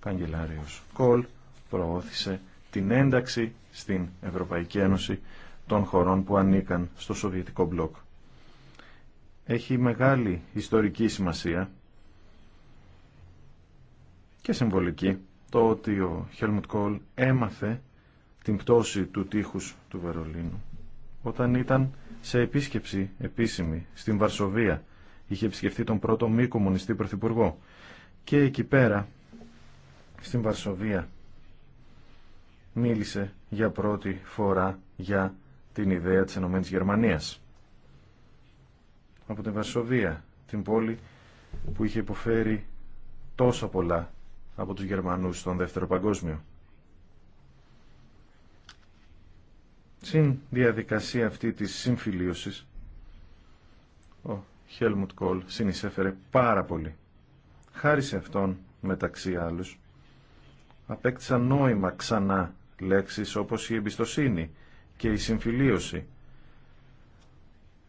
[SPEAKER 2] καγκελάριος Κολ προώθησε την ένταξη στην Ευρωπαϊκή Ένωση των χωρών που ανήκαν στο Σοβιετικό μπλοκ. Έχει μεγάλη ιστορική σημασία και συμβολική το ότι ο Χέλμουτ Κόλ έμαθε την πτώση του τείχους του Βερολίνου όταν ήταν σε επίσκεψη επίσημη στην Βαρσοβία. Είχε επισκεφθεί τον πρώτο μη κομμουνιστή πρωθυπουργό. Και εκεί πέρα, στην Βαρσοβία, μίλησε για πρώτη φορά για την ιδέα της Ενωμένης Γερμανίας. Από την Βαρσοβία, την πόλη που είχε υποφέρει τόσα πολλά από τους Γερμανούς στον Δεύτερο Παγκόσμιο. Στην διαδικασία αυτή της συμφιλίωσης, ο Χέλμουτ Κόλ συνεισέφερε πάρα πολύ. Χάρη σε αυτόν, μεταξύ άλλους, απέκτησαν νόημα ξανά λέξεις όπως η εμπιστοσύνη και η συμφιλίωση,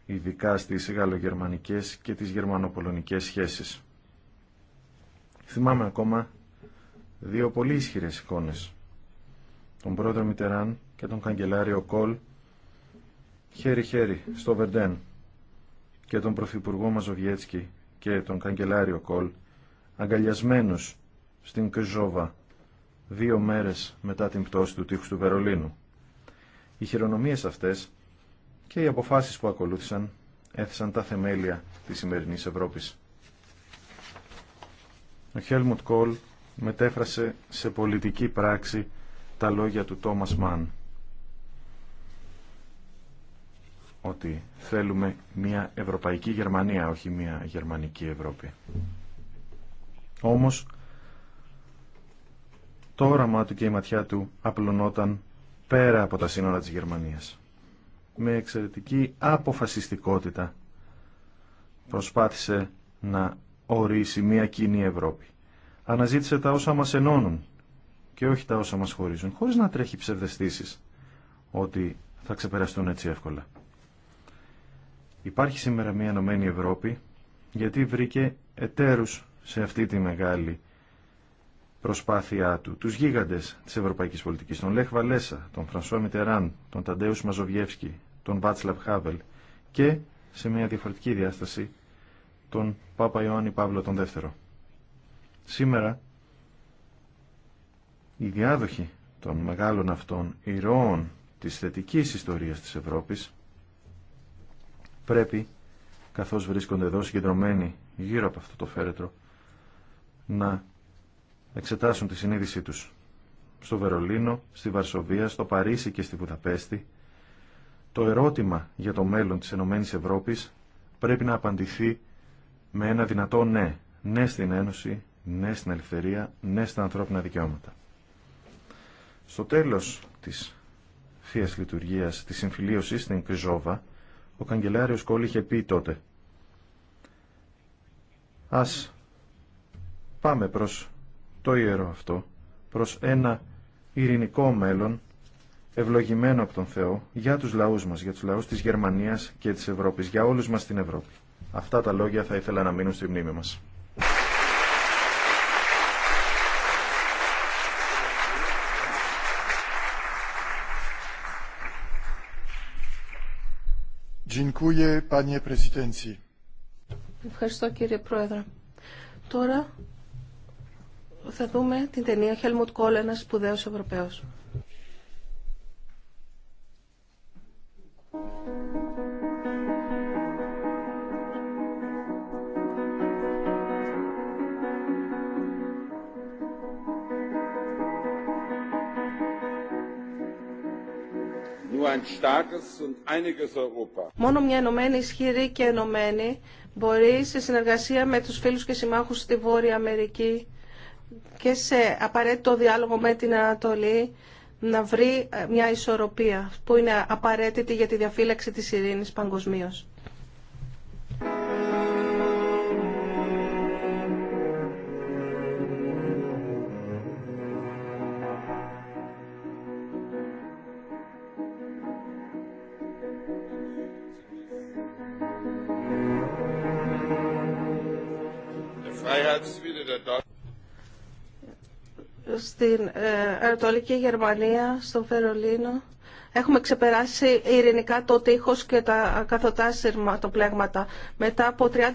[SPEAKER 2] ειδικά στις γαλλογερμανικές και τις γερμανοπολωνικές σχέσεις. Θυμάμαι ακόμα δύο πολύ ισχυρές εικόνες. Τον πρόεδρο Μιτεράν και τον καγκελάριο Κολ χέρι-χέρι στο Βερντέν και τον Πρωθυπουργό Μαζοβιέτσκι και τον καγκελάριο Κολ αγκαλιασμένους στην Κεζόβα δύο μέρες μετά την πτώση του τείχους του Βερολίνου. Οι χειρονομίες αυτές και οι αποφάσεις που ακολούθησαν έθεσαν τα θεμέλια της σημερινής Ευρώπης. Ο Χέλμουτ Κόλ μετέφρασε σε πολιτική πράξη τα λόγια του Τόμας Μαν. ότι θέλουμε μια ευρωπαϊκή Γερμανία, όχι μια γερμανική Ευρώπη. Όμως, το όραμά του και η ματιά του απλωνόταν πέρα από τα σύνορα της Γερμανίας. Με εξαιρετική αποφασιστικότητα προσπάθησε να ορίσει μια κοινή Ευρώπη. Αναζήτησε τα όσα μας ενώνουν και όχι τα όσα μας χωρίζουν, χωρίς να τρέχει ψευδεστήσεις ότι θα ξεπεραστούν έτσι εύκολα. Υπάρχει σήμερα μια Ενωμένη Ευρώπη γιατί βρήκε εταίρους σε αυτή τη μεγάλη προσπάθειά του. Τους γίγαντες της ευρωπαϊκής πολιτικής, τον Λέχ Βαλέσα, τον Φρανσό Μιτεράν, τον Ταντέους Μαζοβιεύσκη, τον Βάτσλαβ Χάβελ και σε μια διαφορετική διάσταση τον Πάπα Ιωάννη Παύλο τον Δεύτερο. Σήμερα οι διάδοχοι των μεγάλων αυτών ηρώων της θετικής ιστορίας της Ευρώπης πρέπει, καθώς βρίσκονται εδώ συγκεντρωμένοι γύρω από αυτό το φέρετρο, να εξετάσουν τη συνείδησή τους στο Βερολίνο, στη Βαρσοβία, στο Παρίσι και στη Βουδαπέστη, το ερώτημα για το μέλλον της Ενωμένης Ευρώπης πρέπει να απαντηθεί με ένα δυνατό ναι. Ναι στην Ένωση, ναι στην ελευθερία, ναι στα ανθρώπινα δικαιώματα. Στο τέλος της θείας λειτουργίας της συμφιλίωσης στην Κριζόβα, ο καγκελάριος Κόλ είχε πει τότε. Ας πάμε προς το ιερό αυτό, προς ένα ειρηνικό μέλλον, ευλογημένο από τον Θεό, για τους λαούς μας, για τους λαούς της Γερμανίας και της Ευρώπης, για όλους μας στην Ευρώπη. Αυτά τα λόγια θα ήθελα να μείνουν στη μνήμη μας.
[SPEAKER 1] Ευχαριστώ κύριε Πρόεδρε. Τώρα θα δούμε την ταινία Helmut Kohl, ένας σπουδαίος Ευρωπαίος. Μόνο μια ενωμένη, ισχυρή και ενωμένη μπορεί σε συνεργασία με τους φίλους και συμμάχους στη Βόρεια Αμερική και σε απαραίτητο διάλογο με την Ανατολή να βρει ε, μια ισορροπία που είναι απαραίτητη για τη διαφύλαξη της ειρήνης παγκοσμίως. στην ε, Ανατολική Γερμανία, στο Φερολίνο, Έχουμε ξεπεράσει ειρηνικά το τείχος και τα καθοτά πλέγματα Μετά από 30, 30 ε,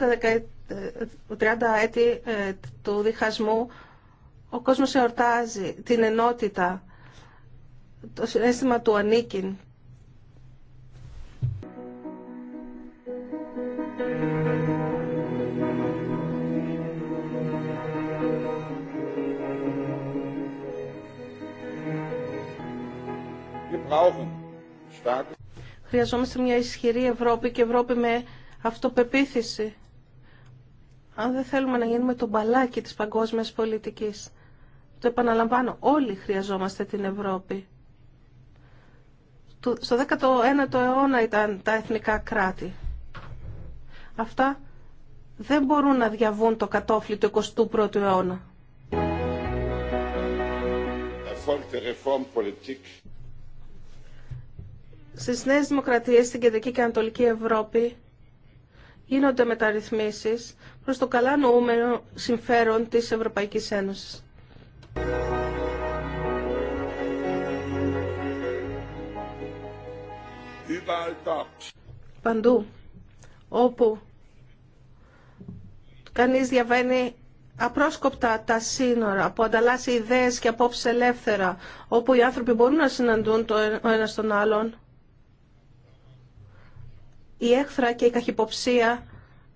[SPEAKER 1] έτη ε, του διχασμού, ο κόσμος εορτάζει την ενότητα, το συνέστημα του ανήκειν Χρειαζόμαστε μια ισχυρή Ευρώπη και Ευρώπη με αυτοπεποίθηση. Αν δεν θέλουμε να γίνουμε το μπαλάκι της παγκόσμιας πολιτικής. Το επαναλαμβάνω, όλοι χρειαζόμαστε την Ευρώπη. Στο 19ο αιώνα ήταν τα εθνικά κράτη. Αυτά δεν μπορούν να διαβούν το κατόφλι του 21ου αιώνα. Στις νέες δημοκρατίες στην Κεντρική και Ανατολική Ευρώπη γίνονται μεταρρυθμίσεις προς το καλά νοούμενο συμφέρον της Ευρωπαϊκής Ένωσης. Παντού, όπου κανείς διαβαίνει απρόσκοπτα τα σύνορα, που ανταλλάσσει ιδέες και απόψεις ελεύθερα, όπου οι άνθρωποι μπορούν να συναντούν το ένα στον άλλον, η έχθρα και η καχυποψία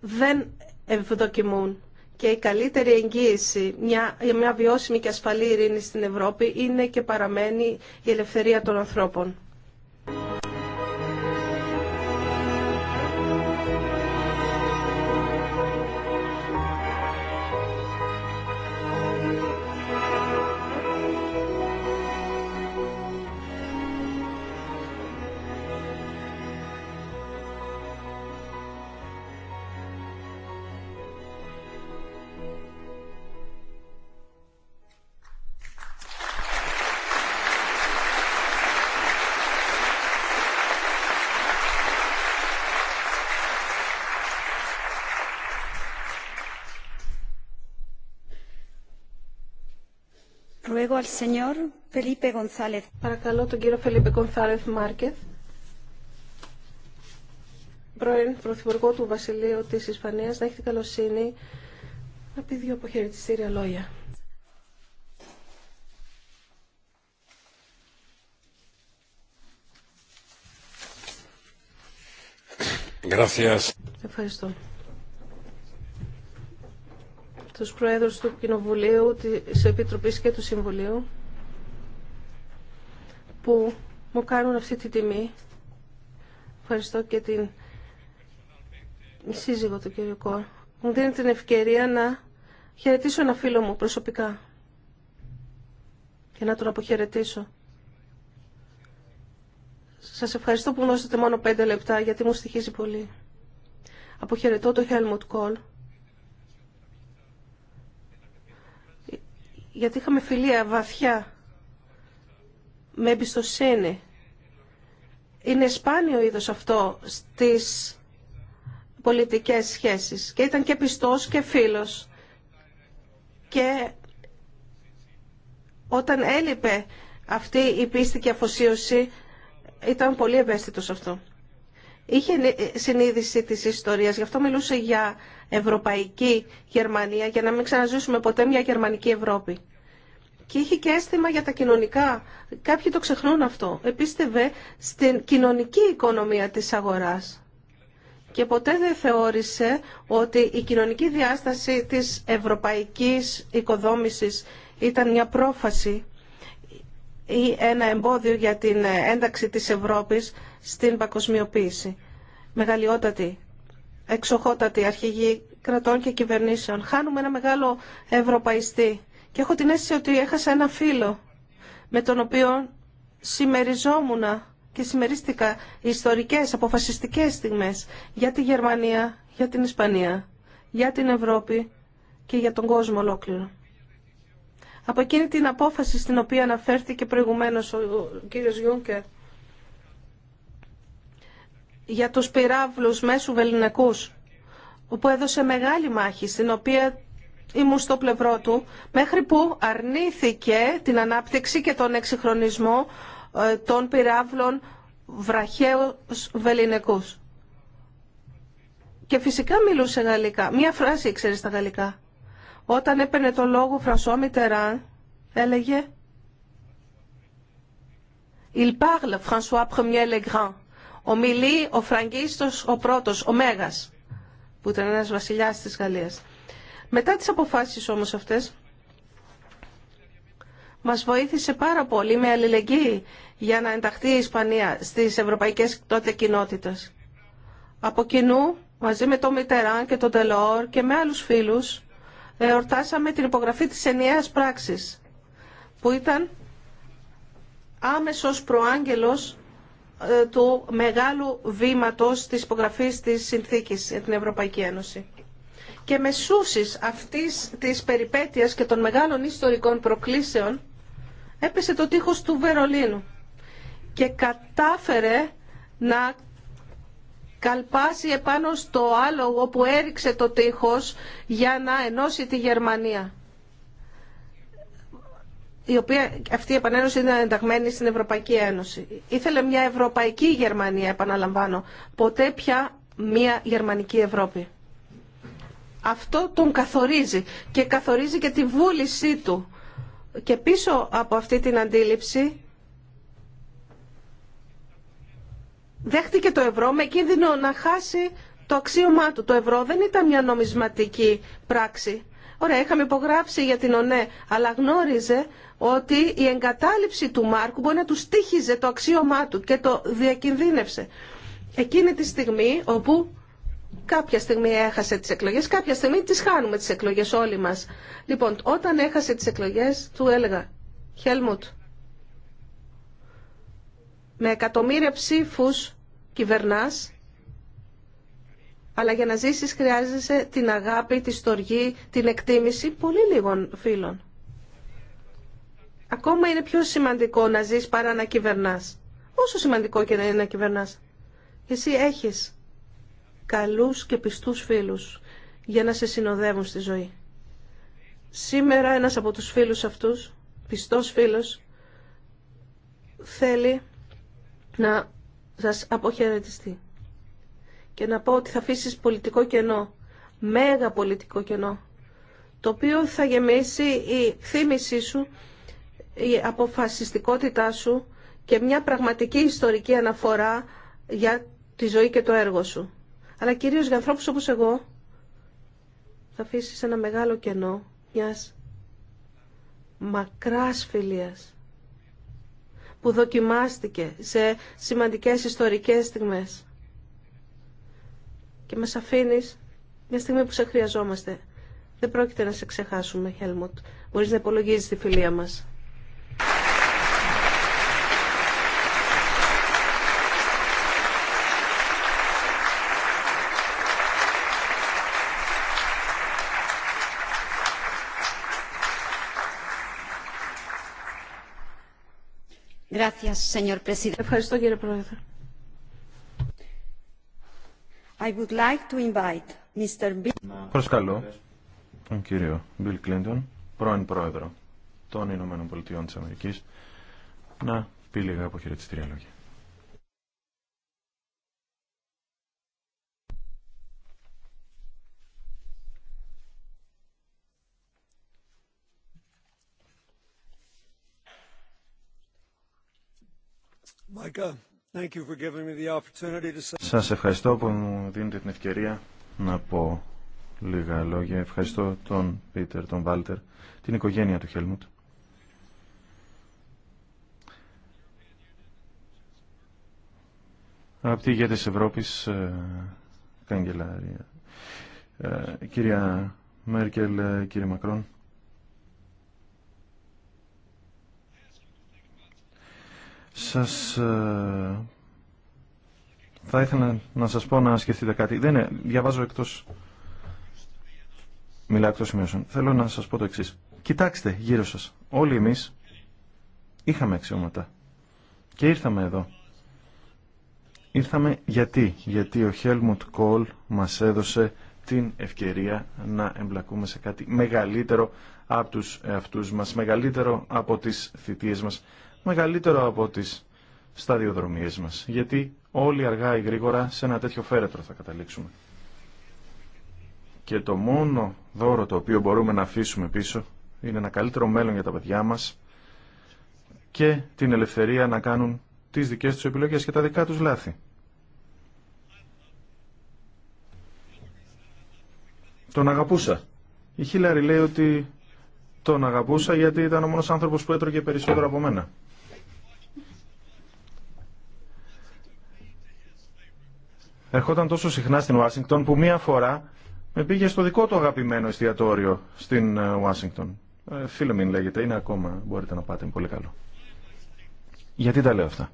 [SPEAKER 1] δεν ευδοκιμούν. Και η καλύτερη εγγύηση μια, μια βιώσιμη και ασφαλή ειρήνη στην Ευρώπη είναι και παραμένει η ελευθερία των ανθρώπων. Παρακαλώ τον κύριο Φελίπε Γκονθάλεθ Μάρκεθ, πρώην Πρωθυπουργό του Βασιλείου της Ισπανίας, να έχει την καλοσύνη να πει δύο αποχαιρετιστήρια λόγια. Ευχαριστώ τους Προέδρους του Κοινοβουλίου, της Επιτροπής και του Συμβουλίου που μου κάνουν αυτή τη τιμή. Ευχαριστώ και την σύζυγο του κύριο Κόρ. Μου δίνει την ευκαιρία να χαιρετήσω ένα φίλο μου προσωπικά και να τον αποχαιρετήσω. Σας ευχαριστώ που μου δώσατε μόνο πέντε λεπτά γιατί μου στοιχίζει πολύ. Αποχαιρετώ το Helmut Kohl γιατί είχαμε φιλία βαθιά με εμπιστοσύνη. Είναι σπάνιο είδος αυτό στις πολιτικές σχέσεις και ήταν και πιστός και φίλος και όταν έλειπε αυτή η πίστη και αφοσίωση ήταν πολύ ευαίσθητος αυτό είχε ε, συνείδηση της ιστορίας, γι' αυτό μιλούσε για ευρωπαϊκή Γερμανία, για να μην ξαναζήσουμε ποτέ μια γερμανική Ευρώπη. Και είχε και αίσθημα για τα κοινωνικά. Κάποιοι το ξεχνούν αυτό. Επίστευε στην κοινωνική οικονομία της αγοράς. Και ποτέ δεν θεώρησε ότι η κοινωνική διάσταση της ευρωπαϊκής οικοδόμησης ήταν μια πρόφαση ή ένα εμπόδιο για την ένταξη της Ευρώπης στην παγκοσμιοποίηση. Μεγαλειότατη, εξοχότατη αρχηγή κρατών και κυβερνήσεων. Χάνουμε ένα μεγάλο ευρωπαϊστή και έχω την αίσθηση ότι έχασα ένα φίλο με τον οποίο συμμεριζόμουν και συμμερίστηκα ιστορικές, αποφασιστικές στιγμές για τη Γερμανία, για την Ισπανία, για την Ευρώπη και για τον κόσμο ολόκληρο από εκείνη την απόφαση στην οποία αναφέρθηκε προηγουμένως ο κύριος Γιούγκερ για τους πυράβλους μέσου βεληνικούς όπου έδωσε μεγάλη μάχη στην οποία ήμουν στο πλευρό του μέχρι που αρνήθηκε την ανάπτυξη και τον εξυγχρονισμό ε, των πυράβλων βραχαίους βελινεκούς. Και φυσικά μιλούσε γαλλικά. Μία φράση ήξερε στα γαλλικά. Όταν έπαιρνε το λόγο Φρανσό Μιτεράν, έλεγε «Il parle François Premier ο Ομιλεί ο Φραγκίστος ο πρώτος, ο Μέγας, που ήταν ένας βασιλιάς της Γαλλίας. Μετά τις αποφάσεις όμως αυτές, μας βοήθησε πάρα πολύ με αλληλεγγύη για να ενταχθεί η Ισπανία στις ευρωπαϊκές τότε κοινότητες. Από κοινού, μαζί με τον Μιτεράν και τον Τελόρ και με άλλους φίλους, εορτάσαμε την υπογραφή της ενιαίας πράξης που ήταν άμεσος προάγγελος ε, του μεγάλου βήματος της υπογραφής της συνθήκης για την Ευρωπαϊκή Ένωση. Και μεσούσεις αυτής της περιπέτειας και των μεγάλων ιστορικών προκλήσεων έπεσε το τείχος του Βερολίνου και κατάφερε να καλπάσει επάνω στο άλογο που έριξε το τείχος για να ενώσει τη Γερμανία. Η οποία, αυτή η επανένωση είναι ενταγμένη στην Ευρωπαϊκή Ένωση. Ήθελε μια Ευρωπαϊκή Γερμανία, επαναλαμβάνω. Ποτέ πια μια Γερμανική Ευρώπη. Αυτό τον καθορίζει και καθορίζει και τη βούλησή του. Και πίσω από αυτή την αντίληψη δέχτηκε το ευρώ με κίνδυνο να χάσει το αξίωμά του. Το ευρώ δεν ήταν μια νομισματική πράξη. Ωραία, είχαμε υπογράψει για την ΟΝΕ, αλλά γνώριζε ότι η εγκατάλειψη του Μάρκου μπορεί να του στήχιζε το αξίωμά του και το διακινδύνευσε. Εκείνη τη στιγμή όπου κάποια στιγμή έχασε τις εκλογές, κάποια στιγμή τις χάνουμε τις εκλογές όλοι μας. Λοιπόν, όταν έχασε τις εκλογές του έλεγα, Χέλμουτ, με εκατομμύρια ψήφους κυβερνάς, αλλά για να ζήσεις χρειάζεσαι την αγάπη, τη στοργή, την εκτίμηση πολύ λίγων φίλων. Ακόμα είναι πιο σημαντικό να ζεις παρά να κυβερνάς. Όσο σημαντικό και να είναι να κυβερνάς. Εσύ έχεις καλούς και πιστούς φίλους για να σε συνοδεύουν στη ζωή. Σήμερα ένας από τους φίλους αυτούς, πιστός φίλος, θέλει να σας αποχαιρετιστεί και να πω ότι θα αφήσει πολιτικό κενό, μέγα πολιτικό κενό, το οποίο θα γεμίσει η θύμησή σου, η αποφασιστικότητά σου και μια πραγματική ιστορική αναφορά για τη ζωή και το έργο σου. Αλλά κυρίως για ανθρώπους όπως εγώ, θα αφήσει ένα μεγάλο κενό μιας μακράς φιλίας που δοκιμάστηκε σε σημαντικές ιστορικές στιγμές. Και μας αφήνεις μια στιγμή που σε χρειαζόμαστε. Δεν πρόκειται να σε ξεχάσουμε, Χέλμουτ. Μπορείς να υπολογίζεις τη φιλία μας. Ευχαριστώ κύριε Πρόεδρε.
[SPEAKER 2] Προσκαλώ τον κύριο Μπιλ Κλίντον, πρώην πρόεδρο των Ηνωμένων Πολιτειών της Αμερικής, να πει λίγα αποχαιρετιστήρια λόγια.
[SPEAKER 4] Σας ευχαριστώ
[SPEAKER 2] που μου δίνετε την ευκαιρία να πω λίγα λόγια. Ευχαριστώ τον Πίτερ, τον Βάλτερ, την οικογένεια του Χέλμουτ. Αγαπητοί ηγέτες Ευρώπης, ε, καγκελάρια, ε, κυρία Μέρκελ, ε, κύριε Μακρόν, Σας... Ε, θα ήθελα να σας πω να σκεφτείτε κάτι. Δεν είναι, διαβάζω εκτός... Μιλάω εκτός σημείωσεων. Θέλω να σας πω το εξής. Κοιτάξτε γύρω σας. Όλοι εμείς είχαμε αξιώματα. Και ήρθαμε εδώ. Ήρθαμε γιατί. Γιατί ο Χέλμουντ Κόλ μας έδωσε την ευκαιρία να εμπλακούμε σε κάτι μεγαλύτερο από τους εαυτούς μας, μεγαλύτερο από τις θητείες μας, μεγαλύτερο από τις σταδιοδρομίες μας. Γιατί όλοι αργά ή γρήγορα σε ένα τέτοιο φέρετρο θα καταλήξουμε. Και το μόνο δώρο το οποίο μπορούμε να αφήσουμε πίσω είναι ένα καλύτερο μέλλον για τα παιδιά μας και την ελευθερία να κάνουν τις δικές τους επιλογές και τα δικά τους λάθη. Τον αγαπούσα. Η Χίλαρη λέει ότι τον αγαπούσα γιατί ήταν ο μόνος άνθρωπος που έτρωγε περισσότερο από μένα. ερχόταν τόσο συχνά στην Ουάσιγκτον που μία φορά με πήγε στο δικό του αγαπημένο εστιατόριο στην ε, Ουάσιγκτον. Ε, μην λέγεται, είναι ακόμα, μπορείτε να πάτε, είναι πολύ καλό. Γιατί τα λέω αυτά.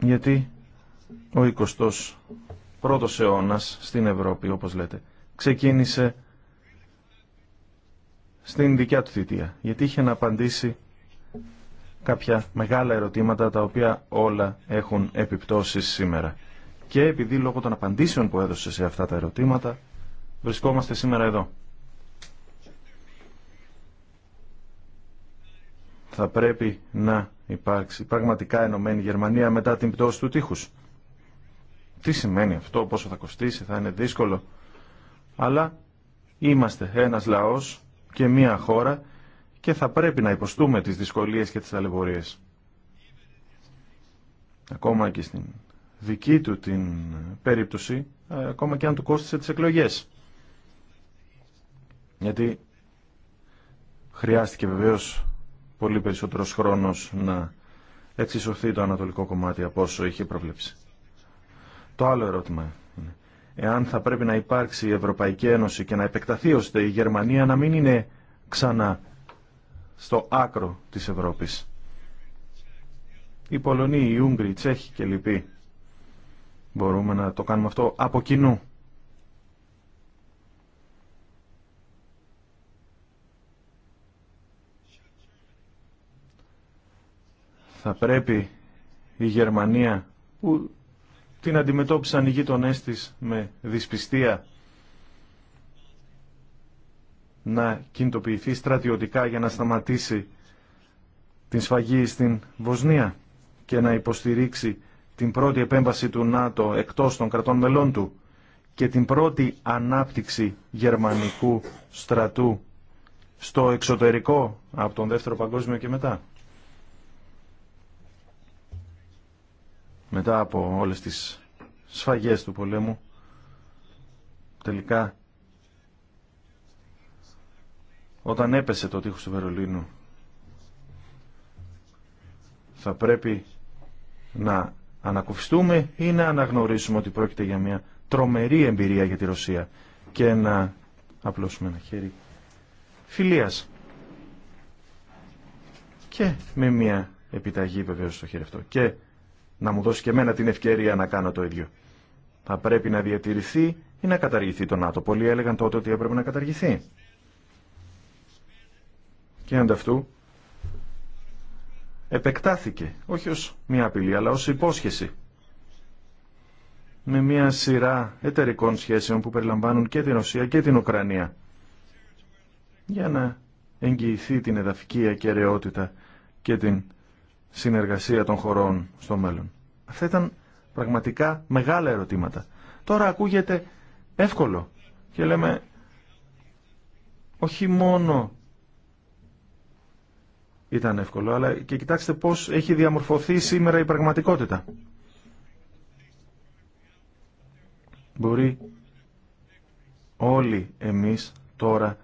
[SPEAKER 2] Γιατί ο 21ος αιώνας στην Ευρώπη, όπως λέτε, ξεκίνησε στην δικιά του θητεία. Γιατί είχε να απαντήσει κάποια μεγάλα ερωτήματα τα οποία όλα έχουν επιπτώσεις σήμερα. Και επειδή λόγω των απαντήσεων που έδωσε σε αυτά τα ερωτήματα βρισκόμαστε σήμερα εδώ. Θα πρέπει να υπάρξει πραγματικά ενωμένη Γερμανία μετά την πτώση του τείχους. Τι σημαίνει αυτό, πόσο θα κοστίσει, θα είναι δύσκολο. Αλλά είμαστε ένας λαός και μία χώρα και θα πρέπει να υποστούμε τις δυσκολίες και τις ταλαιπωρίες. Ακόμα και στην δική του την περίπτωση, ακόμα και αν του κόστισε τις εκλογές. Γιατί χρειάστηκε βεβαίως πολύ περισσότερος χρόνος να εξισωθεί το ανατολικό κομμάτι από όσο είχε προβλέψει. Το άλλο ερώτημα είναι, εάν θα πρέπει να υπάρξει η Ευρωπαϊκή Ένωση και να επεκταθεί ώστε η Γερμανία να μην είναι ξανά στο άκρο της Ευρώπης. Οι Πολωνοί, οι Ούγγροι, οι Τσέχοι και λοιποί. Μπορούμε να το κάνουμε αυτό από κοινού. Θα πρέπει η Γερμανία που την αντιμετώπισαν οι γείτονές της με δυσπιστία να κινητοποιηθεί στρατιωτικά για να σταματήσει την σφαγή στην Βοσνία και να υποστηρίξει την πρώτη επέμβαση του ΝΑΤΟ εκτός των κρατών μελών του και την πρώτη ανάπτυξη γερμανικού στρατού στο εξωτερικό από τον Δεύτερο Παγκόσμιο και μετά. Μετά από όλες τις σφαγές του πολέμου τελικά όταν έπεσε το τείχος του Βερολίνου θα πρέπει να ανακουφιστούμε ή να αναγνωρίσουμε ότι πρόκειται για μια τρομερή εμπειρία για τη Ρωσία και να απλώσουμε ένα χέρι φιλίας και με μια επιταγή βεβαίω στο χέρι αυτό και να μου δώσει και εμένα την ευκαιρία να κάνω το ίδιο. Θα πρέπει να διατηρηθεί ή να καταργηθεί το ΝΑΤΟ. Πολλοί έλεγαν τότε ότι έπρεπε να καταργηθεί και ανταυτού επεκτάθηκε, όχι ως μια απειλή, αλλά ως υπόσχεση με μια σειρά εταιρικών σχέσεων που περιλαμβάνουν και την Ρωσία και την Ουκρανία για να εγγυηθεί την εδαφική ακαιρεότητα και την συνεργασία των χωρών στο μέλλον. Αυτά ήταν πραγματικά μεγάλα ερωτήματα. Τώρα ακούγεται εύκολο και λέμε όχι μόνο ήταν εύκολο. Αλλά και κοιτάξτε πώς έχει διαμορφωθεί σήμερα η πραγματικότητα. Μπορεί όλοι εμείς τώρα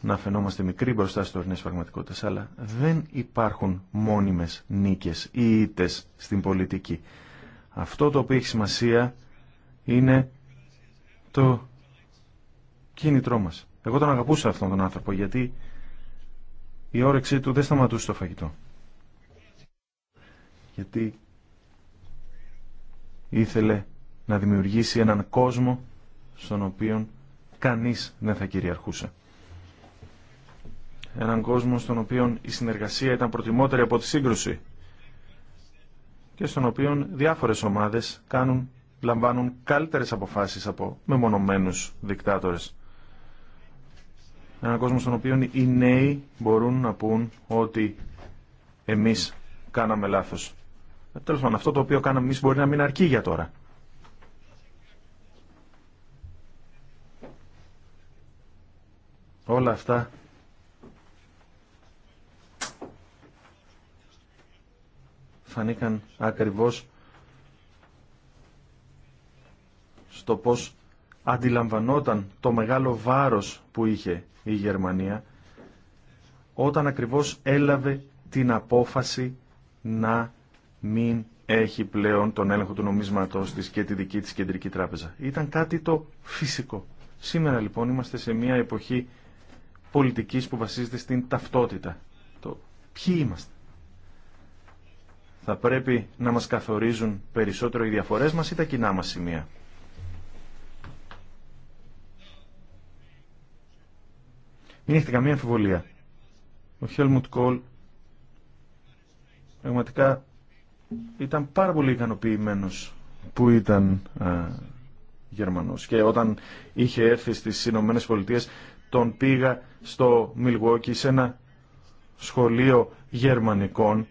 [SPEAKER 2] να φαινόμαστε μικροί μπροστά στις τωρινές πραγματικότητες, αλλά δεν υπάρχουν μόνιμες νίκες ή ήττες στην πολιτική. Αυτό το οποίο έχει σημασία είναι το κίνητρό μας. Εγώ τον αγαπούσα αυτόν τον άνθρωπο γιατί η όρεξή του δεν σταματούσε το φαγητό. Γιατί ήθελε να δημιουργήσει έναν κόσμο στον οποίο κανείς δεν θα κυριαρχούσε. Έναν κόσμο στον οποίο η συνεργασία ήταν προτιμότερη από τη σύγκρουση και στον οποίο διάφορες ομάδες κάνουν, λαμβάνουν καλύτερες αποφάσεις από μεμονωμένους δικτάτορες. Έναν κόσμο στον οποίο οι νέοι μπορούν να πούν ότι εμείς κάναμε λάθος. Τέλο πάντων, αυτό το οποίο κάναμε εμεί μπορεί να μην αρκεί για τώρα. Όλα αυτά. φανήκαν ακριβώς στο πώς αντιλαμβανόταν το μεγάλο βάρος που είχε η Γερμανία όταν ακριβώς έλαβε την απόφαση να μην έχει πλέον τον έλεγχο του νομίσματός της και τη δική της κεντρική τράπεζα. Ήταν κάτι το φυσικό. Σήμερα λοιπόν είμαστε σε μια εποχή πολιτικής που βασίζεται στην ταυτότητα. Το ποιοι είμαστε. Θα πρέπει να μας καθορίζουν περισσότερο οι διαφορές μας ή τα κοινά μας σημεία. Μην έχετε καμία αμφιβολία. Ο Χέλμουντ Κόλ πραγματικά ήταν πάρα πολύ ικανοποιημένο που ήταν α, ε, Γερμανός. Και όταν είχε έρθει στις Ηνωμένε Πολιτείε, τον πήγα στο Μιλγόκι σε ένα σχολείο γερμανικών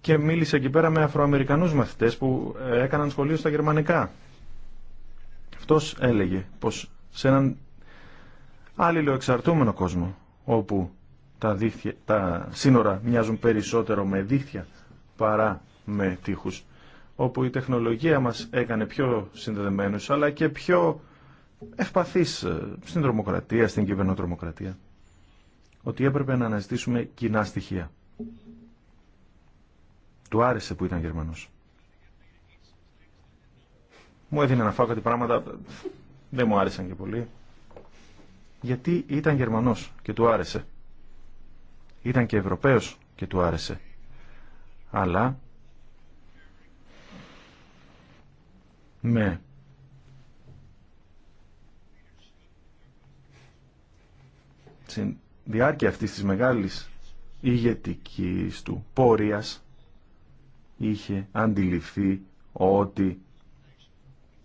[SPEAKER 2] και μίλησε εκεί πέρα με Αφροαμερικανούς μαθητές που ε, έκαναν σχολείο στα γερμανικά. Αυτός έλεγε πως σε έναν εξαρτούμενο κόσμο, όπου τα, δίχτυα, τα σύνορα μοιάζουν περισσότερο με δίχτυα παρά με τείχους, όπου η τεχνολογία μας έκανε πιο συνδεδεμένους, αλλά και πιο ευπαθείς ε, στην τρομοκρατία, στην κυβερνοτρομοκρατία, ότι έπρεπε να αναζητήσουμε κοινά στοιχεία. Του άρεσε που ήταν Γερμανός. Μου έδινε να φάω κάτι πράγματα, δεν μου άρεσαν και πολύ γιατί ήταν Γερμανός και του άρεσε. Ήταν και Ευρωπαίος και του άρεσε. Αλλά με στην διάρκεια αυτής της μεγάλης ηγετικής του πόριας είχε αντιληφθεί ότι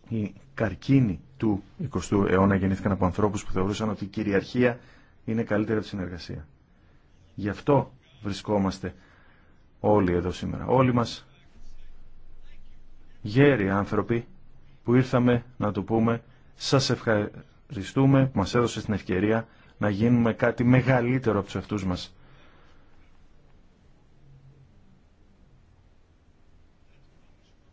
[SPEAKER 2] η καρκίνη του 20ου αιώνα γεννήθηκαν από ανθρώπους που θεωρούσαν ότι η κυριαρχία είναι καλύτερη από τη συνεργασία. Γι' αυτό βρισκόμαστε όλοι εδώ σήμερα. Όλοι μας γέροι άνθρωποι που ήρθαμε να το πούμε σας ευχαριστούμε που μας έδωσε την ευκαιρία να γίνουμε κάτι μεγαλύτερο από τους αυτούς μας.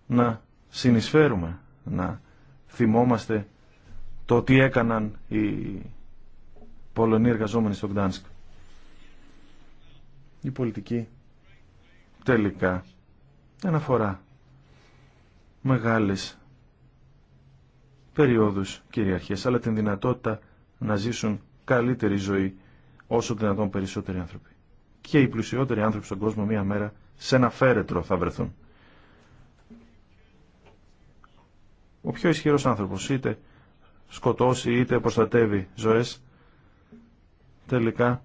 [SPEAKER 2] Να συνεισφέρουμε, να θυμόμαστε το τι έκαναν οι Πολωνοί εργαζόμενοι στο Γκτάνσκ. Η πολιτική τελικά δεν αφορά μεγάλες περιόδους κυριαρχίας, αλλά την δυνατότητα να ζήσουν καλύτερη ζωή όσο δυνατόν περισσότεροι άνθρωποι. Και οι πλουσιότεροι άνθρωποι στον κόσμο μία μέρα σε ένα φέρετρο θα βρεθούν. Ο πιο ισχυρός άνθρωπος είτε σκοτώσει είτε προστατεύει ζωές τελικά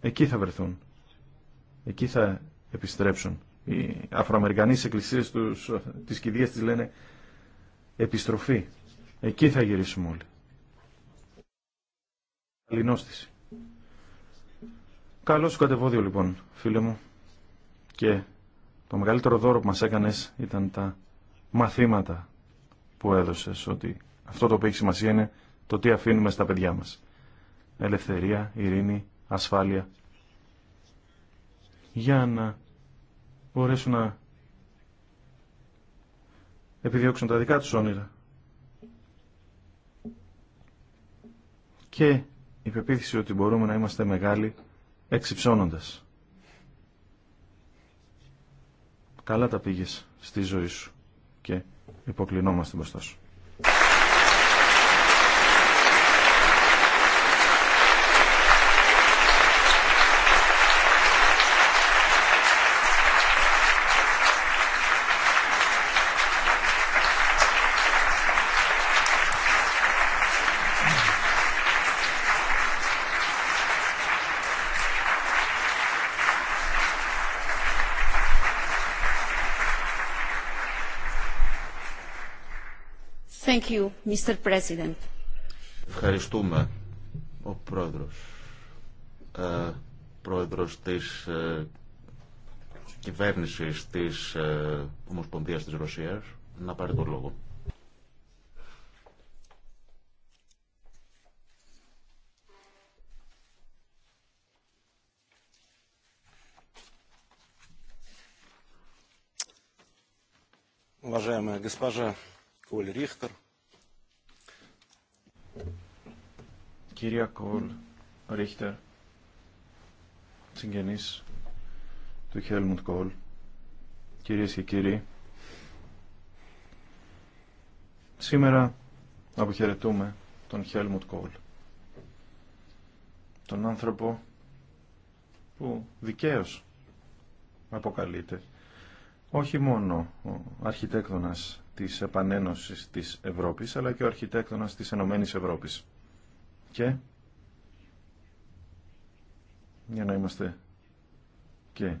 [SPEAKER 2] εκεί θα βρεθούν εκεί θα επιστρέψουν οι αφροαμερικανείς εκκλησίες τους, τις κηδείες τις λένε επιστροφή εκεί θα γυρίσουμε όλοι Καληνόστηση Καλό σου κατεβόδιο λοιπόν φίλε μου και το μεγαλύτερο δώρο που μας έκανες ήταν τα μαθήματα που έδωσες, ότι αυτό το οποίο έχει σημασία είναι το τι αφήνουμε στα παιδιά μας. Ελευθερία, ειρήνη, ασφάλεια. Για να μπορέσουν να επιδιώξουν τα δικά τους όνειρα. Και η πεποίθηση ότι μπορούμε να είμαστε μεγάλοι εξυψώνοντας. Καλά τα πήγες στη ζωή σου και υποκλεινόμαστε μπροστά σου.
[SPEAKER 1] Thank you, Mr. President.
[SPEAKER 3] Ευχαριστούμε, ο πρόεδρος, ε, πρόεδρος της ε, κυβέρνησης της ε, Ομοσπονδίας της Ρωσίας, να πάρει το λόγο. Уважаемая госпожа Коль Рихтер,
[SPEAKER 2] κυρία Κόλ Ρίχτερ, συγγενής του Χέλμουντ Κόλ, κυρίες και κύριοι, σήμερα αποχαιρετούμε τον Χέλμουντ Κόλ, τον άνθρωπο που δικαίως αποκαλείται όχι μόνο ο αρχιτέκτονας της επανένωσης της Ευρώπης, αλλά και ο αρχιτέκτονας της Ενωμένης ΕΕ. Ευρώπης και για να είμαστε και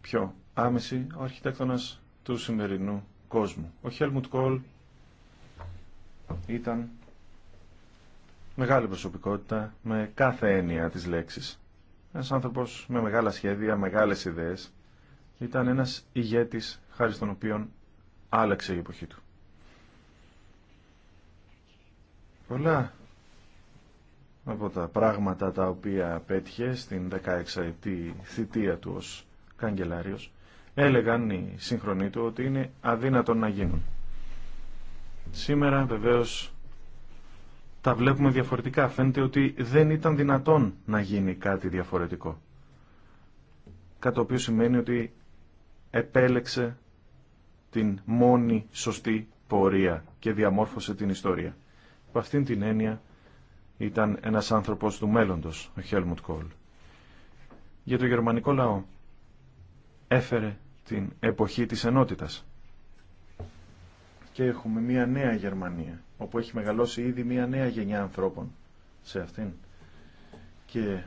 [SPEAKER 2] πιο άμεση ο αρχιτέκτονας του σημερινού κόσμου. Ο Χέλμουτ Κόλ ήταν μεγάλη προσωπικότητα με κάθε έννοια της λέξης. Ένας άνθρωπος με μεγάλα σχέδια, μεγάλες ιδέες. Ήταν ένας ηγέτης χάρη στον οποίον άλλαξε η εποχή του. Πολλά από τα πράγματα τα οποία πέτυχε στην 16η θητεία του ως καγκελάριος έλεγαν οι σύγχρονοί του ότι είναι αδύνατον να γίνουν. Σήμερα βεβαίως τα βλέπουμε διαφορετικά. Φαίνεται ότι δεν ήταν δυνατόν να γίνει κάτι διαφορετικό. Κατά το οποίο σημαίνει ότι επέλεξε την μόνη σωστή πορεία και διαμόρφωσε την ιστορία που αυτήν την έννοια ήταν ένας άνθρωπος του μέλλοντος, ο Χέλμουτ Κόλ. Για το γερμανικό λαό έφερε την εποχή της ενότητας. Και έχουμε μια νέα Γερμανία, όπου έχει μεγαλώσει ήδη μια νέα γενιά ανθρώπων σε αυτήν. Και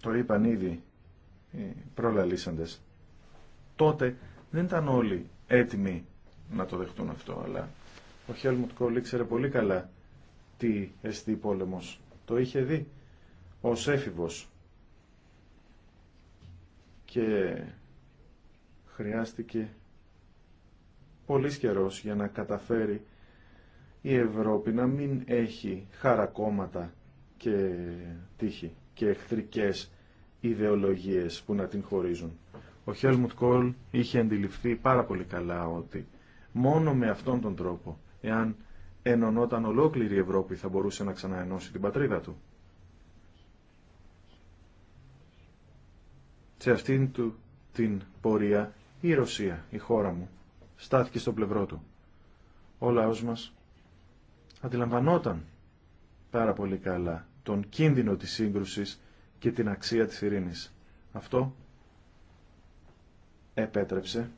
[SPEAKER 2] το είπαν ήδη οι προλαλήσαντες. Τότε δεν ήταν όλοι έτοιμοι να το δεχτούν αυτό, αλλά ο Χέλμουτ Κόλ ήξερε πολύ καλά τι εστί πόλεμος. Το είχε δει ως έφηβος και χρειάστηκε πολύ καιρό για να καταφέρει η Ευρώπη να μην έχει χαρακόμματα και τύχη και εχθρικές ιδεολογίες που να την χωρίζουν. Ο Χέλμουτ Κόλ είχε αντιληφθεί πάρα πολύ καλά ότι Μόνο με αυτόν τον τρόπο, εάν ενωνόταν ολόκληρη η Ευρώπη, θα μπορούσε να ξαναενώσει την πατρίδα του. Σε αυτήν του την πορεία η Ρωσία, η χώρα μου, στάθηκε στο πλευρό του. Ο λαός μας αντιλαμβανόταν πάρα πολύ καλά τον κίνδυνο της σύγκρουσης και την αξία της ειρήνης. Αυτό επέτρεψε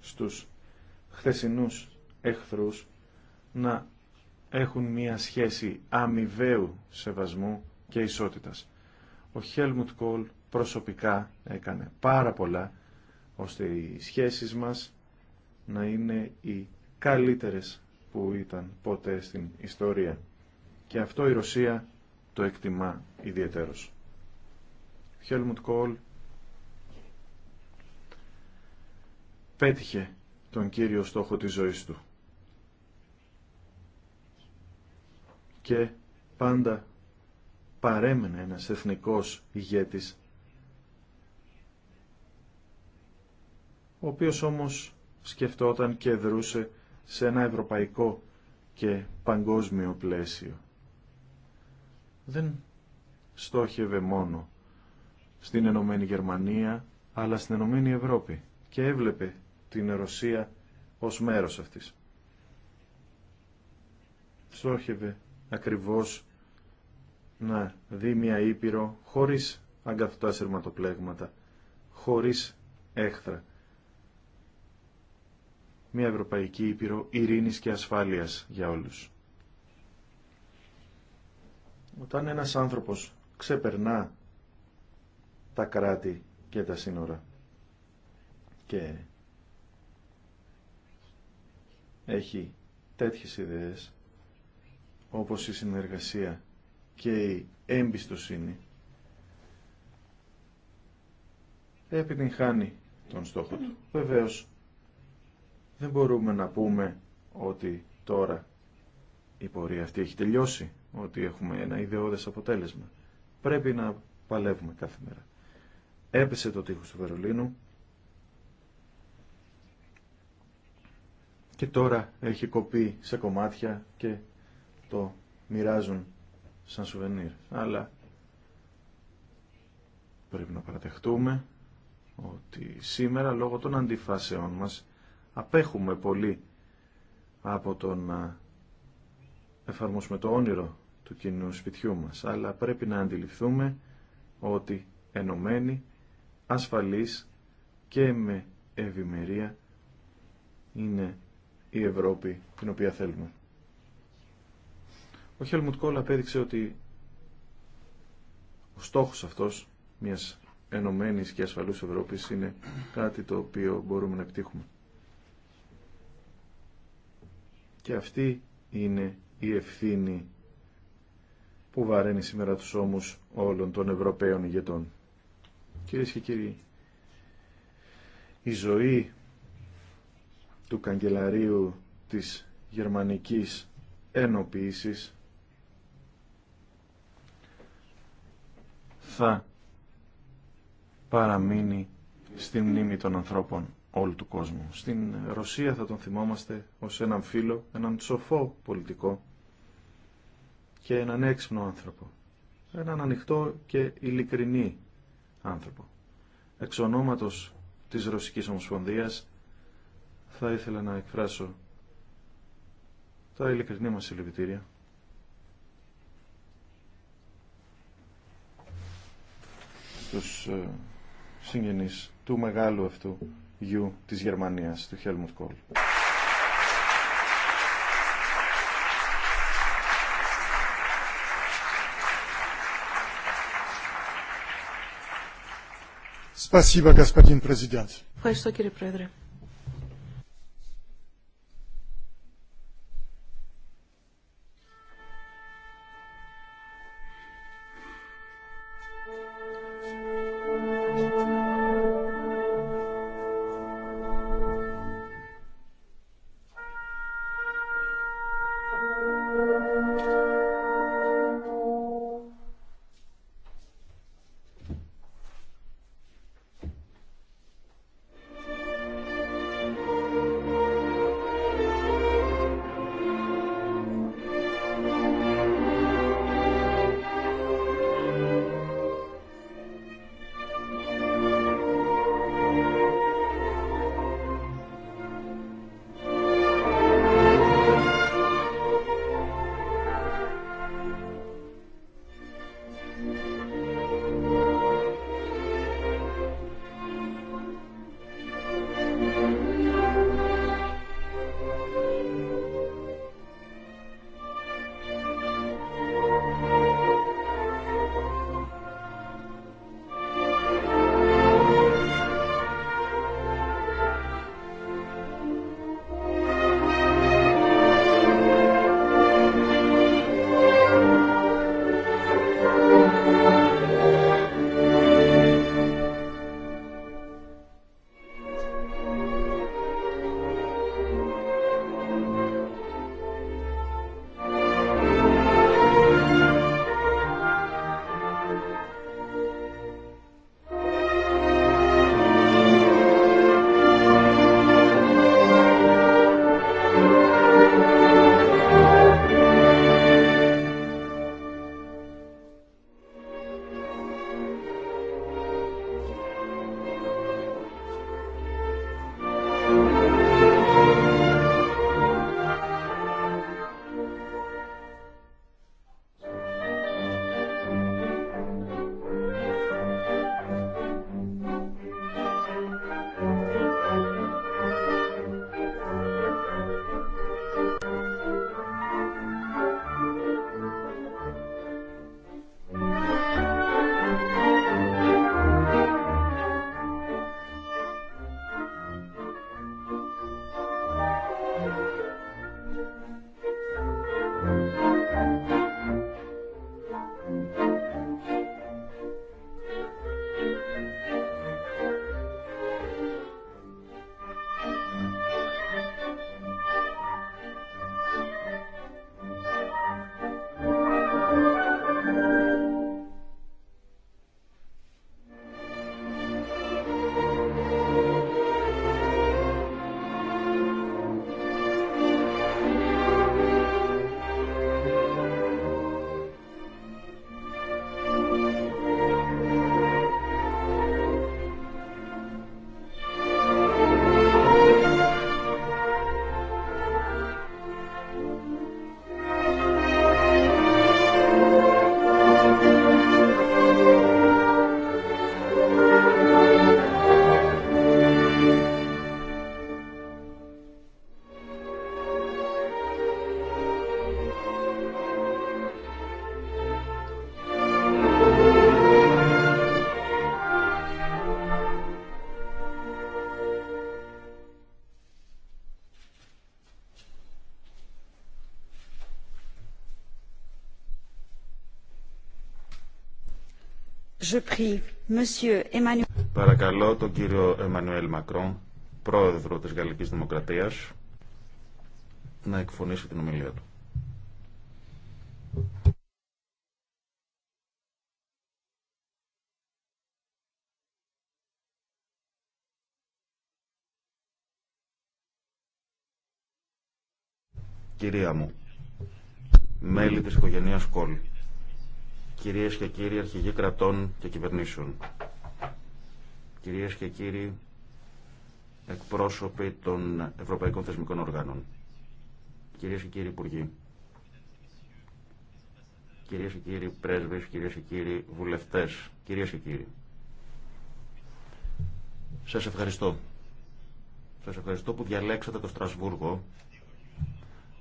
[SPEAKER 2] στους χθεσινούς εχθρούς να έχουν μία σχέση αμοιβαίου σεβασμού και ισότητας. Ο Χέλμουτ Κόλ προσωπικά έκανε πάρα πολλά ώστε οι σχέσεις μας να είναι οι καλύτερες που ήταν ποτέ στην ιστορία. Και αυτό η Ρωσία το εκτιμά ιδιαίτερος. Χέλμουτ Κόλ πέτυχε τον κύριο στόχο της ζωής του. Και πάντα παρέμενε ένας εθνικός ηγέτης, ο οποίος όμως σκεφτόταν και δρούσε σε ένα ευρωπαϊκό και παγκόσμιο πλαίσιο. Δεν στόχευε μόνο στην Ενωμένη Γερμανία, αλλά στην Ενωμένη Ευρώπη και έβλεπε την Ρωσία ως μέρος αυτής. Στόχευε ακριβώς να δει μια Ήπειρο χωρίς αγκαθωτά σειρματοπλέγματα, χωρίς έχθρα. Μια Ευρωπαϊκή Ήπειρο ειρήνης και ασφάλειας για όλους. Όταν ένας άνθρωπος ξεπερνά τα κράτη και τα σύνορα και έχει τέτοιες ιδέες όπως η συνεργασία και η εμπιστοσύνη επιτυγχάνει τον στόχο του. Βεβαίως δεν μπορούμε να πούμε ότι τώρα η πορεία αυτή έχει τελειώσει, ότι έχουμε ένα ιδεώδες αποτέλεσμα. Πρέπει να παλεύουμε κάθε μέρα. Έπεσε το τείχος του Βερολίνου, τώρα έχει κοπεί σε κομμάτια και το μοιράζουν σαν σουβενίρ. Αλλά πρέπει να παρατεχτούμε ότι σήμερα λόγω των αντιφάσεών μας απέχουμε πολύ από το να εφαρμόσουμε το όνειρο του κοινού σπιτιού μας, αλλά πρέπει να αντιληφθούμε ότι ενωμένοι, ασφαλείς και με ευημερία είναι η Ευρώπη την οποία θέλουμε. Ο Χέλμουτ Κόλ απέδειξε ότι ο στόχος αυτός μιας ενωμένης και ασφαλούς Ευρώπης είναι κάτι το οποίο μπορούμε να επιτύχουμε. Και αυτή είναι η ευθύνη που βαραίνει σήμερα τους ώμους όλων των Ευρωπαίων ηγετών. Κυρίες και κύριοι, η ζωή του καγκελαρίου της γερμανικής ενοποίησης θα παραμείνει στη μνήμη των ανθρώπων όλου του κόσμου. Στην Ρωσία θα τον θυμόμαστε ως έναν φίλο, έναν σοφό πολιτικό και έναν έξυπνο άνθρωπο. Έναν ανοιχτό και ειλικρινή άνθρωπο. Εξ ονόματος της Ρωσικής Ομοσπονδίας θα ήθελα να εκφράσω τα ειλικρινή μας συλληπιτήρια. Τους ε, συγγενείς του μεγάλου αυτού γιου της Γερμανίας, του Χέλμουτ Κόλ.
[SPEAKER 1] Ευχαριστώ κύριε Πρόεδρε.
[SPEAKER 3] Παρακαλώ τον κύριο Εμμανουέλ Μακρόν, πρόεδρο της Γαλλικής Δημοκρατίας, να εκφωνήσει την ομιλία του. κυρίες και κύριοι αρχηγοί κρατών και κυβερνήσεων, κυρίες και κύριοι εκπρόσωποι των Ευρωπαϊκών Θεσμικών Οργάνων, κυρίες και κύριοι Υπουργοί, κυρίες και κύριοι πρέσβες, κυρίες και κύριοι βουλευτές, κυρίες και κύριοι. Σας ευχαριστώ. Σας ευχαριστώ που διαλέξατε το Στρασβούργο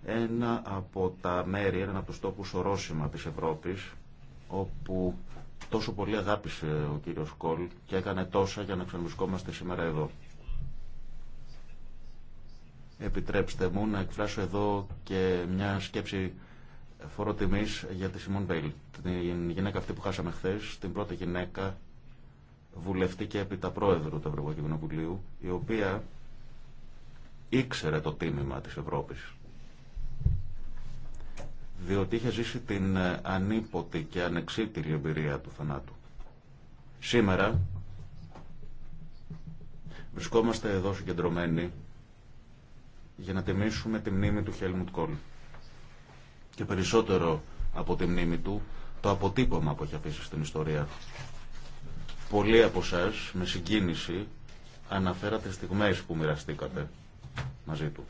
[SPEAKER 3] ένα από τα μέρη, ένα από τους τόπους ορόσημα της Ευρώπης όπου τόσο πολύ αγάπησε ο κύριος Κόλ και έκανε τόσα για να ξαναβρισκόμαστε σήμερα εδώ. Επιτρέψτε μου να εκφράσω εδώ και μια σκέψη φόρο για τη Σιμών Βέιλ, την γυναίκα αυτή που χάσαμε χθε, την πρώτη γυναίκα βουλευτή και έπειτα πρόεδρο του Ευρωπαϊκού Κοινοβουλίου, η οποία ήξερε το τίμημα της Ευρώπης διότι είχε ζήσει την ε, ανίποτη και ανεξίτηρη εμπειρία του θανάτου. Σήμερα βρισκόμαστε εδώ συγκεντρωμένοι για να τιμήσουμε τη μνήμη του Χέλμουντ Κόλ. Και περισσότερο από τη μνήμη του, το αποτύπωμα που έχει αφήσει στην ιστορία. Πολλοί από εσά με συγκίνηση αναφέρατε στιγμές που μοιραστήκατε μαζί του.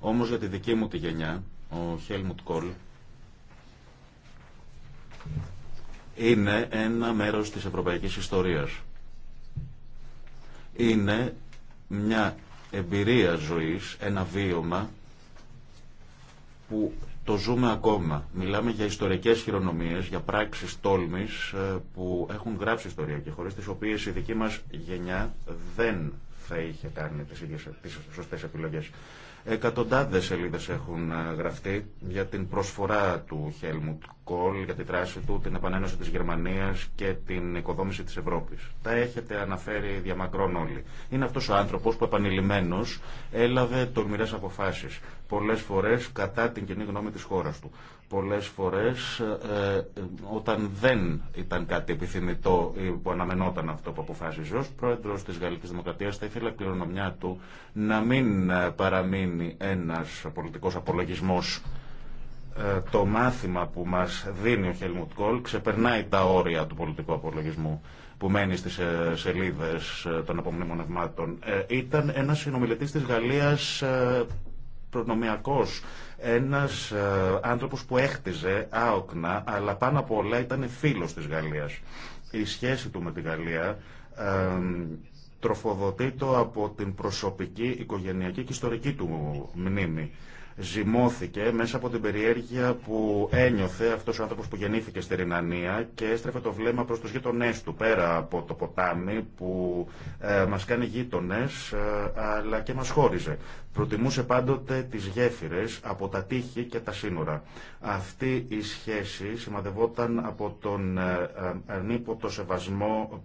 [SPEAKER 3] Όμως για τη δική μου τη γενιά, ο Χέλμουτ Κόλ, είναι ένα μέρος της ευρωπαϊκής ιστορίας. Είναι μια εμπειρία ζωής, ένα βίωμα που το ζούμε ακόμα. Μιλάμε για ιστορικές χειρονομίες, για πράξεις τόλμης ε, που έχουν γράψει ιστορία και χωρίς τις οποίες η δική μας γενιά δεν θα είχε κάνει τις, ίδιες, τις σωστές επιλογές. Εκατοντάδες σελίδες έχουν ε, γραφτεί για την προσφορά του Χέλμουτ Κόλ, για τη δράση του, την επανένωση της Γερμανίας και την οικοδόμηση της Ευρώπης. Τα έχετε αναφέρει διαμακρών όλοι. Είναι αυτός ο άνθρωπος που επανειλημμένος έλαβε τολμηρές αποφάσεις, πολλές φορές κατά την κοινή γνώμη της χώρας του. Πολλές φορές ε, ε, όταν δεν ήταν κάτι επιθυμητό ή που αναμενόταν αυτό που αποφάσιζε ως πρόεδρος της Γαλλικής Δημοκρατίας θα η κληρονομιά του να μην ε, παραμείνει ένας πολιτικός απολογισμός το μάθημα που μας δίνει ο Χέλμουτ Κόλ ξεπερνάει τα όρια του πολιτικού απολογισμού που μένει στις σελίδες των απομνημονευμάτων. Ήταν ένας συνομιλητής της Γαλλίας προνομιακός ένας ε, άνθρωπος που έχτιζε άοκνα, αλλά πάνω από όλα ήταν φίλος της Γαλλίας. Η σχέση του με τη Γαλλία τροφοδοτεί το από την προσωπική, οικογενειακή και ιστορική του μνήμη ζυμώθηκε μέσα από την περιέργεια που ένιωθε αυτό ο άνθρωπο που γεννήθηκε στη Ρινανία και έστρεφε το βλέμμα προς του γείτονές του πέρα από το ποτάμι που ε, μας κάνει γείτονε, ε, αλλά και μας χώριζε. Προτιμούσε πάντοτε τις γέφυρες από τα τείχη και τα σύνορα. Αυτή η σχέση σημαδευόταν από τον ε, ε, ανίποτο σεβασμό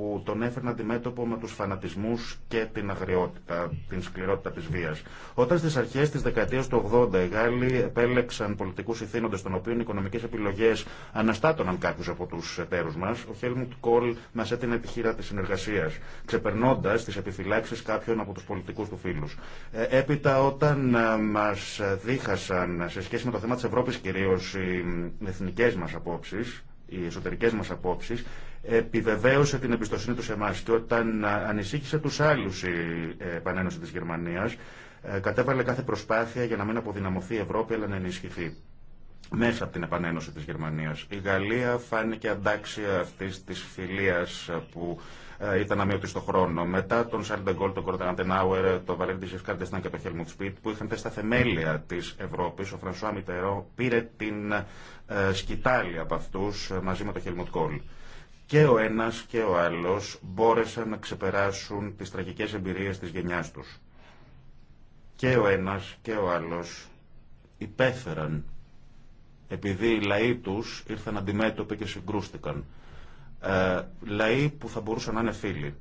[SPEAKER 3] που τον έφερναν αντιμέτωπο με τους φανατισμούς και την αγριότητα, την σκληρότητα της βίας. Όταν στις αρχές της δεκαετίας του 80 οι Γάλλοι επέλεξαν πολιτικούς ηθήνοντες των οποίων οι οικονομικές επιλογές αναστάτωναν κάποιους από τους εταίρους μας, ο Χέλμουντ Κόλ μας έτεινε τη της συνεργασίας, ξεπερνώντας τις επιφυλάξεις κάποιων από τους πολιτικούς του φίλους. Ε, έπειτα όταν ε, μας δίχασαν σε σχέση με το θέμα της Ευρώπης κυρίως οι εθνικές μας απόψεις, οι εσωτερικές μας απόψεις, επιβεβαίωσε την εμπιστοσύνη του σε εμά και όταν ανησύχησε του άλλου η ε, επανένωση τη Γερμανία, ε, κατέβαλε κάθε προσπάθεια για να μην αποδυναμωθεί η Ευρώπη αλλά να ενισχυθεί μέσα από την επανένωση της Γερμανίας. Η Γαλλία φάνηκε αντάξια αυτής της φιλίας που ε, ήταν αμύωτη στο χρόνο. Μετά τον Σάρντε Γκολ, τον Κορτάν Αντεναουερ, τον Βαλέντι ήταν και τον Χέλμουντ Σπίτ που είχαν τέστα θεμέλια της Ευρώπης. Ο Φρανσουά Μιτερό πήρε την σκητάλη από αυτού, μαζί με τον Χέλμουντ Κόλ και ο ένας και ο άλλος μπόρεσαν να ξεπεράσουν τις τραγικές εμπειρίες της γενιάς τους. Και ο ένας και ο άλλος υπέφεραν επειδή οι λαοί τους ήρθαν αντιμέτωποι και συγκρούστηκαν. Ε, λαοί που θα μπορούσαν να είναι φίλοι.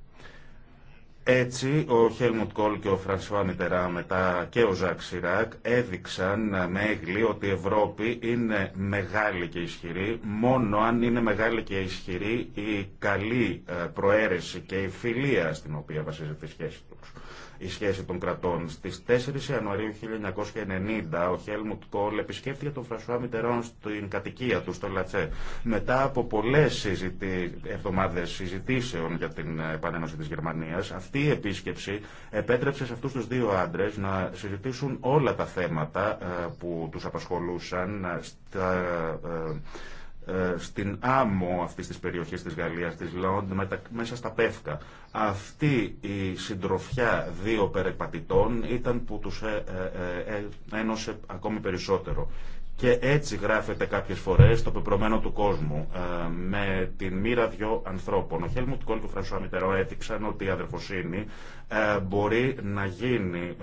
[SPEAKER 3] Έτσι, ο Χέλμουντ Κόλ και ο Φρανσουά Μιτερά μετά και ο Ζακ Σιράκ έδειξαν με έγκλη ότι η Ευρώπη είναι μεγάλη και ισχυρή. Μόνο αν είναι μεγάλη και ισχυρή η καλή ε, προαίρεση και η φιλία στην οποία βασίζεται η σχέση τους η σχέση των κρατών. Στις 4 Ιανουαρίου 1990 ο Χέλμουτ Κόλ επισκέφθηκε τον Φρασουά Μιτερόν στην κατοικία του στο Λατσέ. Μετά από πολλές συζητή... εβδομάδες συζητήσεων για την επανένωση της Γερμανίας, αυτή η επίσκεψη επέτρεψε σε αυτούς τους δύο άντρες να συζητήσουν όλα τα θέματα ε, που τους απασχολούσαν ε, ε, ε, στην άμμο αυτής της περιοχής της Γαλλίας, της Λόντ, μέσα στα Πεύκα. Αυτή η συντροφιά δύο περεπατητών ήταν που τους ε, ε, ένωσε ακόμη περισσότερο. Και έτσι γράφεται κάποιες φορές το πεπρωμένο του κόσμου, με την μοίρα δυο ανθρώπων. Ο Χέλμουτ Κόλ του ο Φρανσουά Μητερό έδειξαν ότι η αδερφοσύνη μπορεί να γίνει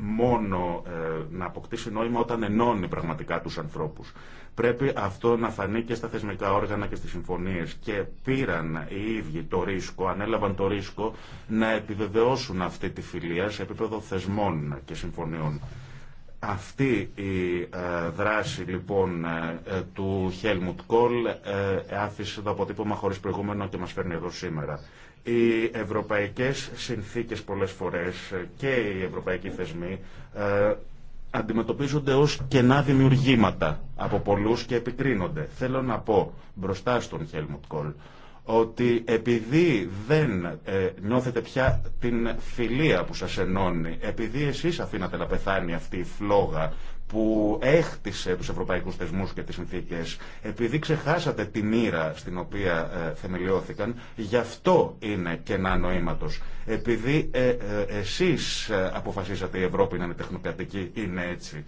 [SPEAKER 3] μόνο ε, να αποκτήσει νόημα όταν ενώνει πραγματικά τους ανθρώπους. Πρέπει αυτό να φανεί και στα θεσμικά όργανα και στις συμφωνίες. Και πήραν οι ίδιοι το ρίσκο, ανέλαβαν το ρίσκο να επιβεβαιώσουν αυτή τη φιλία σε επίπεδο θεσμών και συμφωνιών. Αυτή η ε, δράση λοιπόν ε, του Helmut Kohl άφησε το αποτύπωμα χωρίς προηγούμενο και μας φέρνει εδώ σήμερα. Οι ευρωπαϊκές συνθήκες πολλές φορές και οι ευρωπαϊκοί θεσμοί ε, αντιμετωπίζονται ως κενά δημιουργήματα από πολλούς και επικρίνονται. Θέλω να πω μπροστά στον Χέλμουτ Κόλ ότι επειδή δεν ε, νιώθετε πια την φιλία που σας ενώνει, επειδή εσείς αφήνατε να πεθάνει αυτή η φλόγα που έχτισε τους ευρωπαϊκούς θεσμούς και τις συνθήκες. Επειδή ξεχάσατε τη μοίρα στην οποία ε, θεμελιώθηκαν, γι' αυτό είναι κενά νοήματος. Επειδή ε, ε εσείς ε, αποφασίσατε η Ευρώπη να είναι τεχνοκρατική, είναι έτσι.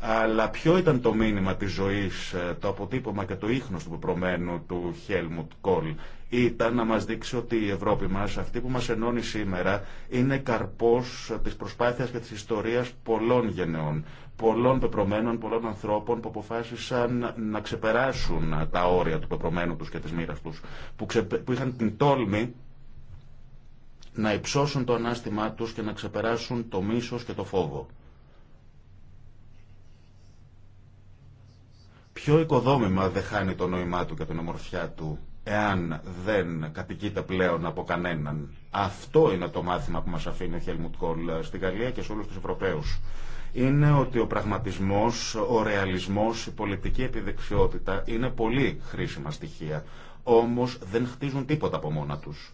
[SPEAKER 3] Αλλά ποιο ήταν το μήνυμα της ζωής, το αποτύπωμα και το ίχνος του προμένου του Χέλμουτ Κόλ ήταν να μας δείξει ότι η Ευρώπη μας, αυτή που μας ενώνει σήμερα, είναι καρπός της προσπάθειας και της ιστορίας πολλών γενεών πολλών πεπρωμένων, πολλών ανθρώπων που αποφάσισαν να ξεπεράσουν τα όρια του πεπρωμένου τους και της μοίρας τους, που, είχαν την τόλμη να υψώσουν το ανάστημά τους και να ξεπεράσουν το μίσος και το φόβο. Ποιο οικοδόμημα δεν χάνει το νόημά του και την ομορφιά του εάν δεν κατοικείται πλέον από κανέναν. Αυτό είναι το μάθημα που μας αφήνει ο Χέλμουτ Κόλ ε, στη Γαλλία και σε όλους τους Ευρωπαίους. Είναι ότι ο πραγματισμός, ο ρεαλισμός, η πολιτική επιδεξιότητα είναι πολύ χρήσιμα στοιχεία. Όμως δεν χτίζουν τίποτα από μόνα τους.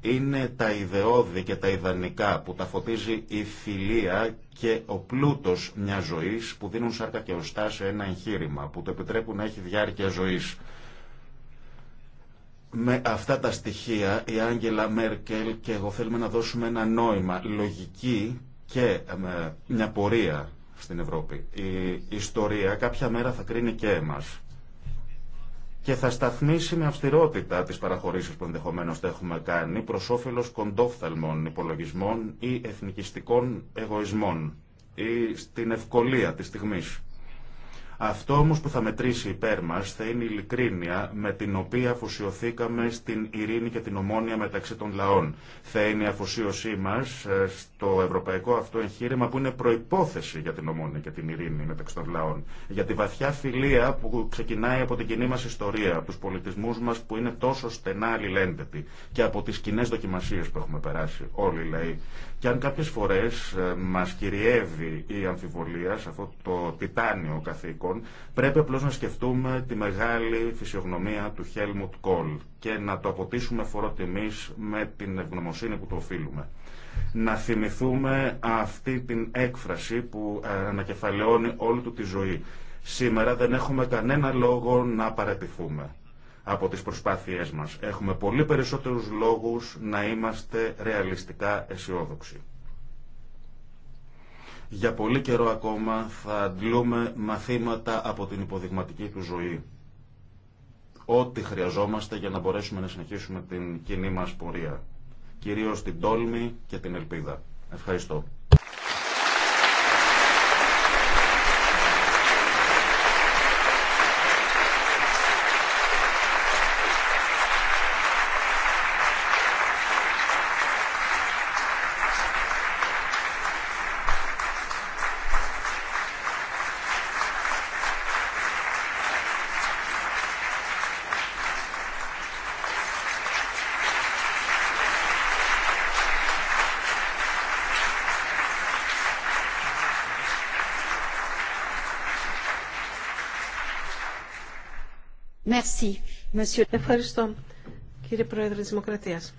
[SPEAKER 3] Είναι τα ιδεώδη και τα ιδανικά που τα φωτίζει η φιλία και ο πλούτος μιας ζωής που δίνουν σάρκα και οστά σε ένα εγχείρημα, που το επιτρέπουν να έχει διάρκεια ζωής. Με αυτά τα στοιχεία η Άγγελα Μέρκελ και εγώ θέλουμε να δώσουμε ένα νόημα, λογική και ε, μια πορεία στην Ευρώπη. Η ιστορία κάποια μέρα θα κρίνει και εμάς και θα σταθμίσει με αυστηρότητα τις παραχωρήσεις που ενδεχομένως τα έχουμε κάνει προς όφελος κοντόφθαλμων υπολογισμών ή εθνικιστικών εγωισμών ή στην ευκολία της στιγμής. Αυτό όμως που θα μετρήσει υπέρ μας θα είναι η ειλικρίνεια με την οποία αφοσιωθήκαμε στην ειρήνη και την ομόνια μεταξύ των λαών. Θα είναι η αφοσίωσή μας ε, στο ευρωπαϊκό αυτό εγχείρημα που είναι προϋπόθεση για την ομόνια και την ειρήνη μεταξύ των λαών. Για τη βαθιά φιλία που ξεκινάει από την κοινή μας ιστορία, από τους πολιτισμούς μας που είναι τόσο στενά αλληλένδετοι και από τις κοινέ δοκιμασίες που έχουμε περάσει όλοι οι λαοί. Και αν κάποιε φορές ε, μα κυριεύει η αμφιβολία σε αυτό το τιτάνιο καθήκον, Λοιπόν, πρέπει απλώ να σκεφτούμε τη μεγάλη φυσιογνωμία του Χέλμουτ Κόλ και να το αποτίσουμε φοροτιμή με την ευγνωμοσύνη που το οφείλουμε. Να θυμηθούμε αυτή την έκφραση που ε, ανακεφαλαιώνει όλη του τη ζωή. Σήμερα δεν έχουμε κανένα λόγο να παρατηθούμε από τις προσπάθειές μας. Έχουμε πολύ περισσότερους λόγους να είμαστε ρεαλιστικά αισιόδοξοι. Για πολύ καιρό ακόμα θα αντλούμε μαθήματα από την υποδειγματική του ζωή. Ό,τι χρειαζόμαστε για να μπορέσουμε να συνεχίσουμε την κοινή μας πορεία. Κυρίως την τόλμη και την ελπίδα. Ευχαριστώ.
[SPEAKER 1] Ευχαριστώ, κύριε Πρόεδρε της Δημοκρατίας.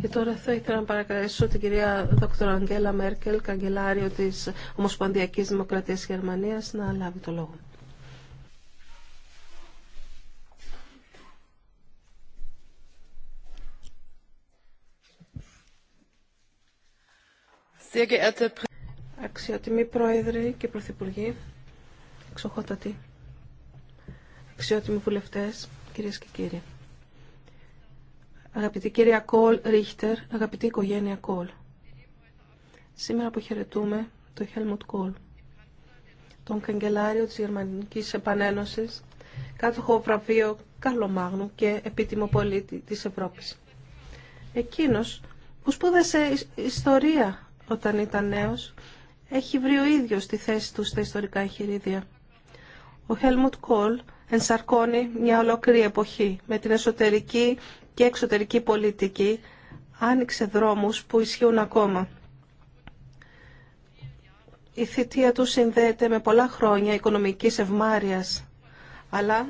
[SPEAKER 1] Και τώρα θα ήθελα να παρακαλέσω την κυρία Δόκτωρα Αγγέλα Μέρκελ, καγκελάριο της Ομοσπονδιακής Δημοκρατίας Γερμανίας, να λάβει το λόγο. Αξιότιμη Πρόεδρε και Πρωθυπουργή, εξοχότατη αξιότιμοι βουλευτές, κυρίες και κύριοι. Αγαπητή κυρία Κόλ Ρίχτερ, αγαπητή οικογένεια Κόλ. Σήμερα αποχαιρετούμε τον Χέλμουτ Κόλ, τον καγκελάριο της Γερμανικής Επανένωσης, κάτοχο βραβείο καλομάγνου και επίτιμο πολίτη της Ευρώπης. Εκείνος που σπούδασε ιστορία όταν ήταν νέος, έχει βρει ο ίδιο τη θέση του στα ιστορικά εγχειρίδια. Ο Χέλμουτ Κόλ ενσαρκώνει μια ολόκληρη εποχή με την εσωτερική και εξωτερική πολιτική άνοιξε δρόμους που ισχύουν ακόμα. Η θητεία του συνδέεται με πολλά χρόνια οικονομικής ευμάρειας, αλλά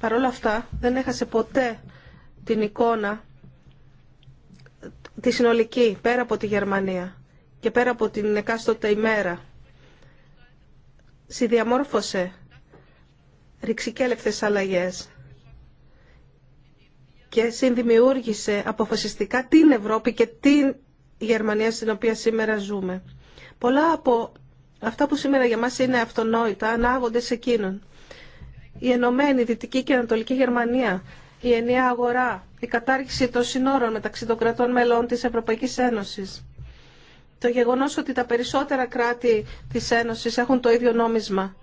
[SPEAKER 1] παρόλα αυτά δεν έχασε ποτέ την εικόνα τη συνολική, πέρα από τη Γερμανία και πέρα από την εκάστοτε ημέρα. Συνδιαμόρφωσε ρηξικέλευτες αλλαγές και συνδημιούργησε αποφασιστικά την Ευρώπη και την Γερμανία στην οποία σήμερα ζούμε. Πολλά από αυτά που σήμερα για μας είναι αυτονόητα ανάγονται σε εκείνον. Η Ενωμένη Δυτική και Ανατολική Γερμανία, η ενιαία αγορά, η κατάργηση των συνόρων μεταξύ των κρατών μελών της Ευρωπαϊκής Ένωσης. Το γεγονός ότι τα περισσότερα κράτη της Ένωσης έχουν το ίδιο νόμισμα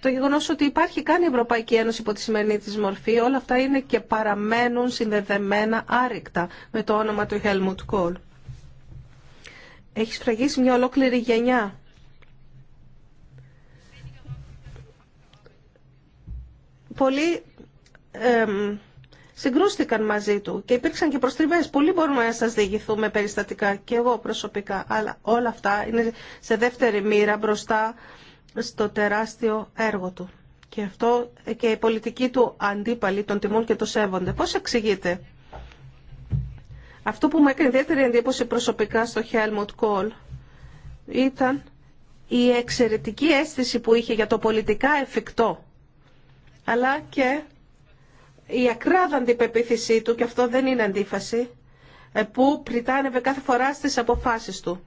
[SPEAKER 1] το γεγονό ότι υπάρχει καν η Ευρωπαϊκή Ένωση υπό τη σημερινή τη μορφή, όλα αυτά είναι και παραμένουν συνδεδεμένα άρρηκτα με το όνομα του Helmut Κόλ. Έχει σφραγίσει μια ολόκληρη γενιά. Πολλοί συγκρούστηκαν μαζί του και υπήρξαν και προστριβές. Πολλοί μπορούμε να σας διηγηθούμε περιστατικά και εγώ προσωπικά, αλλά όλα αυτά είναι σε δεύτερη μοίρα μπροστά στο τεράστιο έργο του. Και αυτό και η πολιτική του αντίπαλοι των τιμών και το σέβονται. Πώς εξηγείται. Αυτό που μου έκανε ιδιαίτερη εντύπωση προσωπικά στο Helmut Kohl ήταν η εξαιρετική αίσθηση που είχε για το πολιτικά εφικτό αλλά και η ακράδαντη πεποίθησή του, και αυτό δεν είναι αντίφαση, ε, που πριτάνευε κάθε φορά στις αποφάσεις του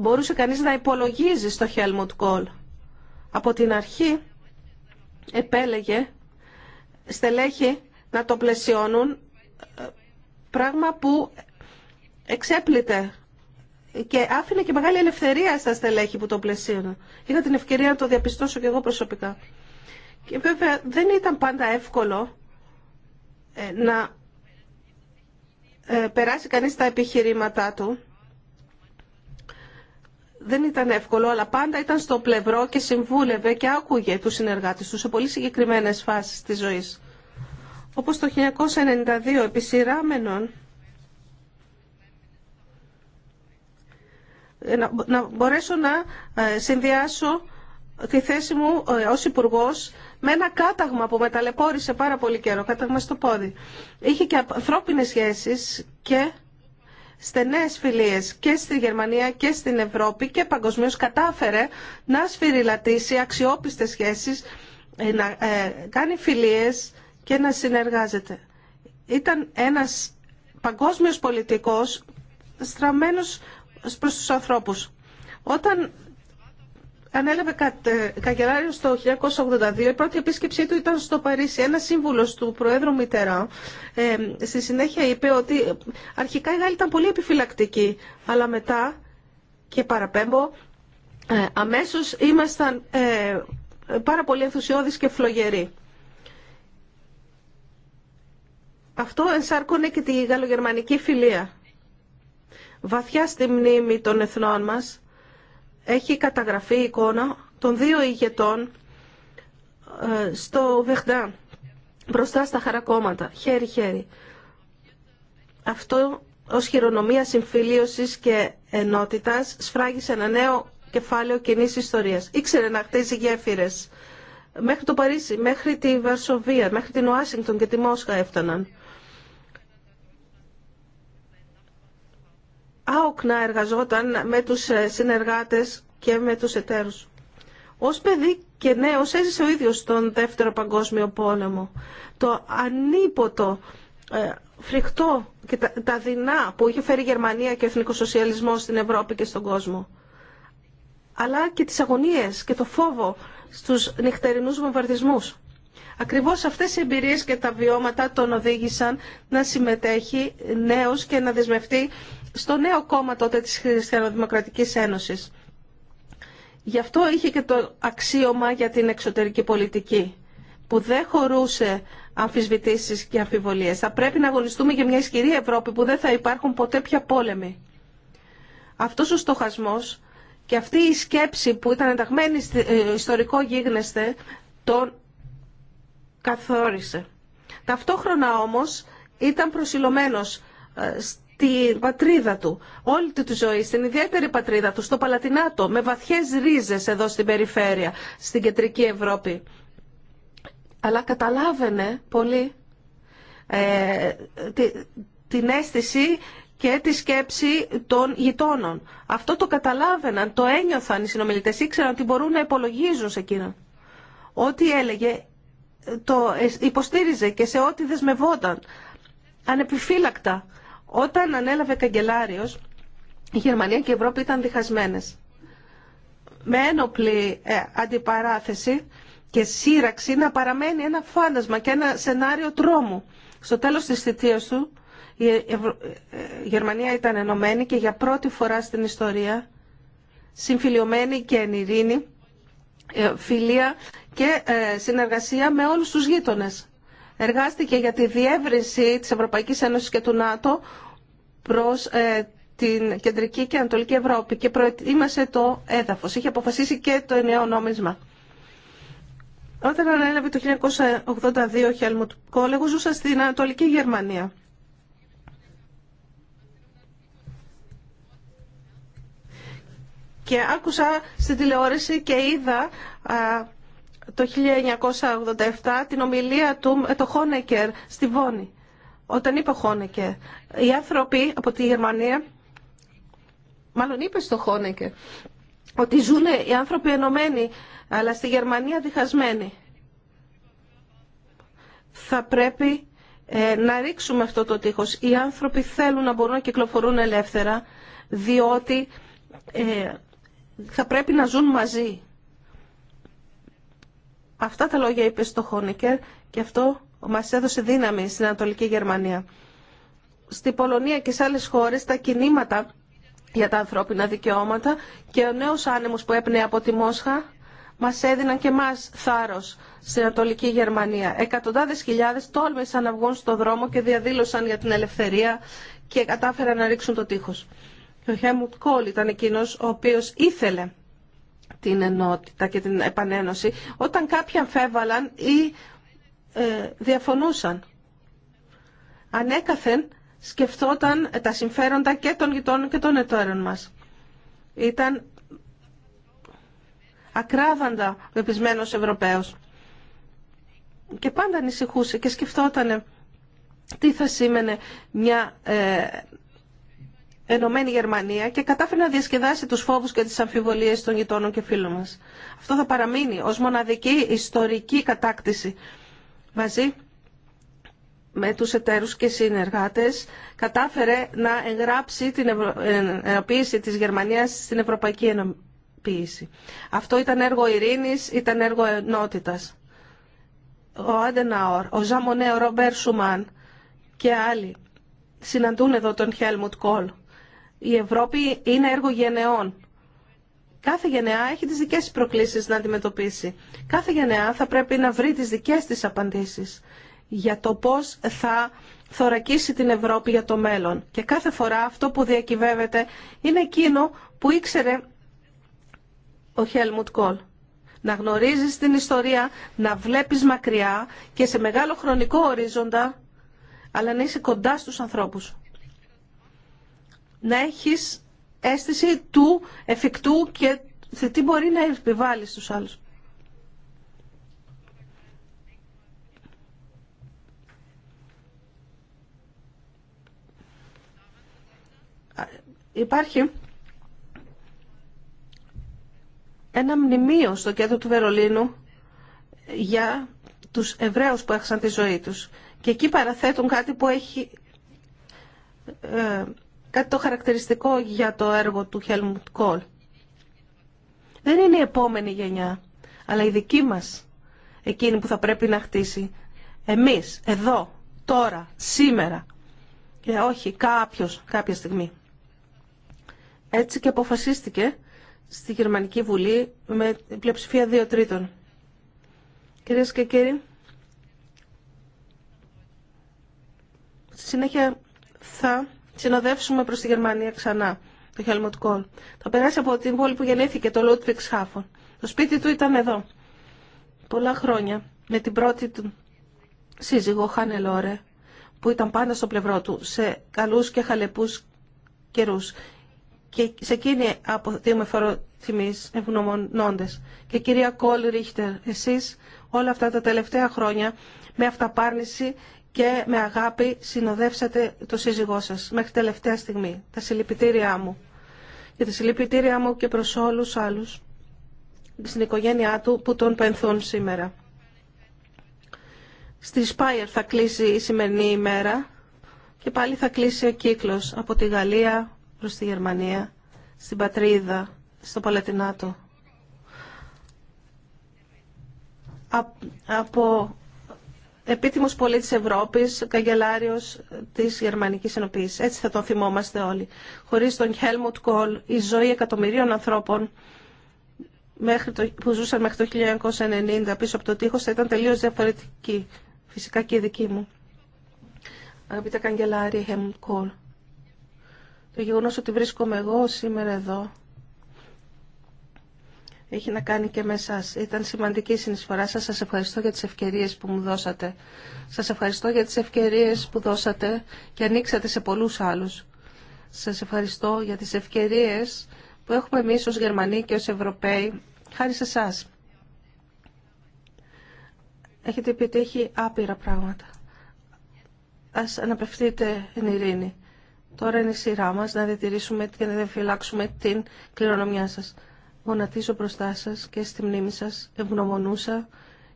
[SPEAKER 1] μπορούσε κανείς να υπολογίζει στο Helmut Kohl. Από την αρχή επέλεγε στελέχη να το πλαισιώνουν, ε, πράγμα που εξέπλητε και άφηνε και μεγάλη ελευθερία στα στελέχη που το πλαισίωναν. Είχα την ευκαιρία να το διαπιστώσω και εγώ προσωπικά. Και βέβαια δεν ήταν πάντα εύκολο ε, να ε, περάσει κανείς τα επιχειρήματά του δεν ήταν εύκολο, αλλά πάντα ήταν στο πλευρό και συμβούλευε και άκουγε τους συνεργάτες του σε πολύ συγκεκριμένες φάσεις της ζωής. Όπως το 1992 σειράμενων, ε, να μπορέσω να ε, συνδυάσω τη θέση μου ε, ως υπουργό με ένα κάταγμα που με ταλαιπώρησε πάρα πολύ καιρό, κάταγμα στο πόδι. Είχε και ανθρώπινες σχέσεις και στενές φιλίες και στη Γερμανία και στην Ευρώπη και παγκοσμίως κατάφερε να σφυριλατήσει αξιόπιστες σχέσεις, ε, να ε, κάνει φιλίες και να συνεργάζεται. Ήταν ένας παγκόσμιος πολιτικός στραμμένος προς τους ανθρώπους. Όταν ανέλαβε κα, ε, στο το 1982. Η πρώτη επίσκεψή του ήταν στο Παρίσι. Ένα σύμβουλο του Προέδρου Μητερά ε, στη συνέχεια είπε ότι αρχικά οι Γάλλοι ήταν πολύ επιφυλακτικοί, αλλά μετά και παραπέμπω, ε, αμέσως ήμασταν ε, πάρα πολύ ενθουσιώδεις και φλογεροί. Αυτό ενσάρκωνε και τη γαλλογερμανική φιλία. Βαθιά στη μνήμη των εθνών μας έχει καταγραφεί η εικόνα των δύο ηγετών ε, στο Βεχντά, μπροστά στα χαρακόμματα, χέρι-χέρι. Αυτό ως χειρονομία συμφιλίωσης και ενότητας σφράγισε ένα νέο κεφάλαιο κοινή ιστορίας. Ήξερε να χτίζει γέφυρες. Μέχρι το Παρίσι, μέχρι τη Βαρσοβία, μέχρι την Ουάσιγκτον και τη Μόσχα έφταναν. άοκνα εργαζόταν με τους ε, συνεργάτες και με τους εταίρους. Ως παιδί και νέος έζησε ο ίδιος τον Δεύτερο Παγκόσμιο Πόλεμο. Το ανίποτο, ε, φρικτό και τα δεινά που είχε φέρει η Γερμανία και ο Σοσιαλισμός στην Ευρώπη και στον κόσμο. Αλλά και τις αγωνίες και το φόβο στους νυχτερινούς βομβαρδισμούς. Ακριβώς αυτές οι εμπειρίες και τα βιώματα τον οδήγησαν να συμμετέχει νέος και να δεσμευτεί στο νέο κόμμα τότε της Χριστιανοδημοκρατικής Ένωσης. Γι' αυτό είχε και το αξίωμα για την εξωτερική πολιτική, που δεν χωρούσε αμφισβητήσεις και αμφιβολίες. Θα πρέπει να αγωνιστούμε για μια ισχυρή Ευρώπη που δεν θα υπάρχουν ποτέ πια πόλεμοι. Αυτός ο στοχασμός και αυτή η σκέψη που ήταν ενταγμένη στο ε, ιστορικό γίγνεσθε τον καθόρισε. Ταυτόχρονα όμως ήταν προσιλωμένος ε, την πατρίδα του, όλη του τη ζωή, στην ιδιαίτερη πατρίδα του, στο Παλατινάτο, με βαθιές ρίζες εδώ στην περιφέρεια, στην κεντρική Ευρώπη. Αλλά καταλάβαινε πολύ ε, την αίσθηση και τη σκέψη των γειτόνων. Αυτό το καταλάβαιναν, το ένιωθαν οι συνομιλητές, ήξεραν ότι μπορούν να υπολογίζουν σε εκείνον. Ό,τι έλεγε το ε, υποστήριζε και σε ό,τι δεσμευόταν. Ανεπιφύλακτα όταν ανέλαβε καγκελάριο, η Γερμανία και η Ευρώπη ήταν διχασμένες. Με ένοπλη ε, αντιπαράθεση και σύραξη να παραμένει ένα φάντασμα και ένα σενάριο τρόμου. Στο τέλος της θητείας του, η ε, ε, Γερμανία ήταν ενωμένη και για πρώτη φορά στην ιστορία συμφιλειωμένη και εν ειρήνη, φιλία και συνεργασία με όλους τους γείτονες εργάστηκε για τη διεύρυνση της Ευρωπαϊκής Ένωσης και του ΝΑΤΟ προς ε, την Κεντρική και Ανατολική Ευρώπη και προετοίμασε το έδαφος. Είχε αποφασίσει και το ενιαίο νόμισμα. Όταν ανέλαβε το 1982 ο Χέλμουτ κόλεγου ζούσα στην Ανατολική Γερμανία. Και άκουσα στην τηλεόραση και είδα το 1987 την ομιλία του με το Χόνεκερ στη Βόνη. Όταν είπε Χόνεκερ, οι άνθρωποι από τη Γερμανία, μάλλον είπε στο Χόνεκερ, ότι ζουν οι άνθρωποι ενωμένοι, αλλά στη Γερμανία διχασμένοι. Θα πρέπει ε, να ρίξουμε αυτό το τείχος. Οι άνθρωποι θέλουν να μπορούν να κυκλοφορούν ελεύθερα, διότι ε, θα πρέπει να ζουν μαζί. Αυτά τα λόγια είπε στο Χόνικερ και αυτό μας έδωσε δύναμη στην Ανατολική Γερμανία. Στη Πολωνία και σε άλλες χώρες τα κινήματα για τα ανθρώπινα δικαιώματα και ο νέος άνεμος που έπνεε από τη Μόσχα μας έδιναν και μας θάρρος στην Ανατολική Γερμανία. Εκατοντάδες χιλιάδες τόλμησαν να βγουν στο δρόμο και διαδήλωσαν για την ελευθερία και κατάφεραν να ρίξουν το τείχος. Και ο Χέμουτ Κόλ ήταν εκείνος ο οποίος ήθελε την ενότητα και την επανένωση όταν κάποιοι αμφέβαλαν ή ε, διαφωνούσαν. Ανέκαθεν σκεφτόταν τα συμφέροντα και των γειτόνων και των εταίρων μας. Ήταν ακράδαντα ο Ευρωπαίος. Και πάντα ανησυχούσε και σκεφτόταν τι θα σήμαινε μια ε, Ενωμένη Γερμανία και κατάφερε να διασκεδάσει τους φόβους και τις αμφιβολίες των γειτόνων και φίλων μας. Αυτό θα παραμείνει ως μοναδική ιστορική κατάκτηση. Μαζί με τους εταίρους και συνεργάτες κατάφερε να εγγράψει την ενοποίηση της Γερμανίας στην Ευρωπαϊκή Ενοποίηση. Αυτό ήταν έργο ειρήνης, ήταν έργο ενότητας. Ο Άντεναορ, ο Ζαμονέ, ο Ρομπέρ Σουμάν και άλλοι συναντούν εδώ τον Χέλμουτ Κόλ η Ευρώπη είναι έργο γενεών. Κάθε γενεά έχει τις δικές της προκλήσεις να αντιμετωπίσει. Κάθε γενεά θα πρέπει να βρει τις δικές της απαντήσεις για το πώς θα θωρακίσει την Ευρώπη για το μέλλον. Και κάθε φορά αυτό που διακυβεύεται είναι εκείνο που ήξερε ο Χέλμουτ Κόλ. Να γνωρίζεις την ιστορία, να βλέπεις μακριά και σε μεγάλο χρονικό ορίζοντα, αλλά να είσαι κοντά στους ανθρώπους να έχεις αίσθηση του εφικτού και σε τι μπορεί να επιβάλλει στους άλλους. Υπάρχει ένα μνημείο στο κέντρο του Βερολίνου για τους Εβραίους που έχασαν τη ζωή τους. Και εκεί παραθέτουν κάτι που έχει ε, κάτι το χαρακτηριστικό για το έργο του Χέλμουντ Κόλ. Δεν είναι η επόμενη γενιά, αλλά η δική μας εκείνη που θα πρέπει να χτίσει. Εμείς, εδώ, τώρα, σήμερα και όχι κάποιος, κάποια στιγμή. Έτσι και αποφασίστηκε στη Γερμανική Βουλή με πλειοψηφία δύο τρίτων. Κυρίε και κύριοι, στη συνέχεια θα συνοδεύσουμε προς τη Γερμανία ξανά, το Χέλμοντ Κόλ. Θα περάσει από την πόλη που γεννήθηκε, το Λούτβιξ Χάφον. Το σπίτι του ήταν εδώ. Πολλά χρόνια, με την πρώτη του σύζυγο, Χάνε Λόρε, που ήταν πάντα στο πλευρό του, σε καλούς και χαλεπούς καιρούς. Και σε εκείνη αποδίδουμε με τιμής ευγνωμονώντες. Και κυρία Κόλ Ρίχτερ, εσείς όλα αυτά τα τελευταία χρόνια με αυταπάρνηση και με αγάπη συνοδεύσατε το σύζυγό σας μέχρι τελευταία στιγμή. Τα συλληπιτήριά μου και τα συλληπιτήριά μου και προς όλους άλλους στην οικογένειά του που τον πενθούν σήμερα. Στη Σπάιερ θα κλείσει η σημερινή ημέρα και πάλι θα κλείσει ο κύκλος από τη Γαλλία προς τη Γερμανία, στην Πατρίδα, στο Παλατινάτο. Από επίτιμος πολίτης Ευρώπης, καγκελάριος της Γερμανικής Ενοποίησης. Έτσι θα τον θυμόμαστε όλοι. Χωρίς τον Χέλμουτ Κόλ, η ζωή εκατομμυρίων ανθρώπων μέχρι που ζούσαν μέχρι το 1990 πίσω από το τείχος θα ήταν τελείως διαφορετική. Φυσικά και η δική μου. Αγαπητέ καγκελάρι, Χέλμουτ Κόλ, το γεγονός ότι βρίσκομαι εγώ σήμερα εδώ έχει να κάνει και με εσά. Ήταν σημαντική η συνεισφορά σας. Σας ευχαριστώ για τις ευκαιρίες που μου δώσατε. Σας ευχαριστώ για τις ευκαιρίες που δώσατε και ανοίξατε σε πολλούς άλλους. Σας ευχαριστώ για τις ευκαιρίες που έχουμε εμείς ως Γερμανοί και ως Ευρωπαίοι, χάρη σε εσά. Έχετε επιτύχει άπειρα πράγματα. Α αναπευθείτε εν ειρήνη. Τώρα είναι η σειρά μα να διατηρήσουμε και να διαφυλάξουμε την κληρονομιά σας γονατίζω μπροστά σας και στη μνήμη σας ευγνωμονούσα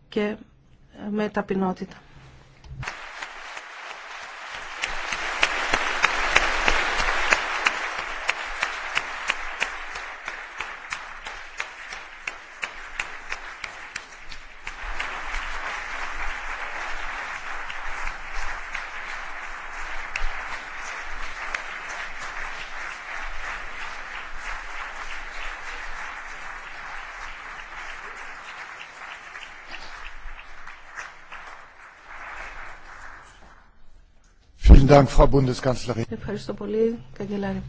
[SPEAKER 1] και με ταπεινότητα.
[SPEAKER 4] Ευχαριστώ
[SPEAKER 1] πολύ, Καγκελάρη.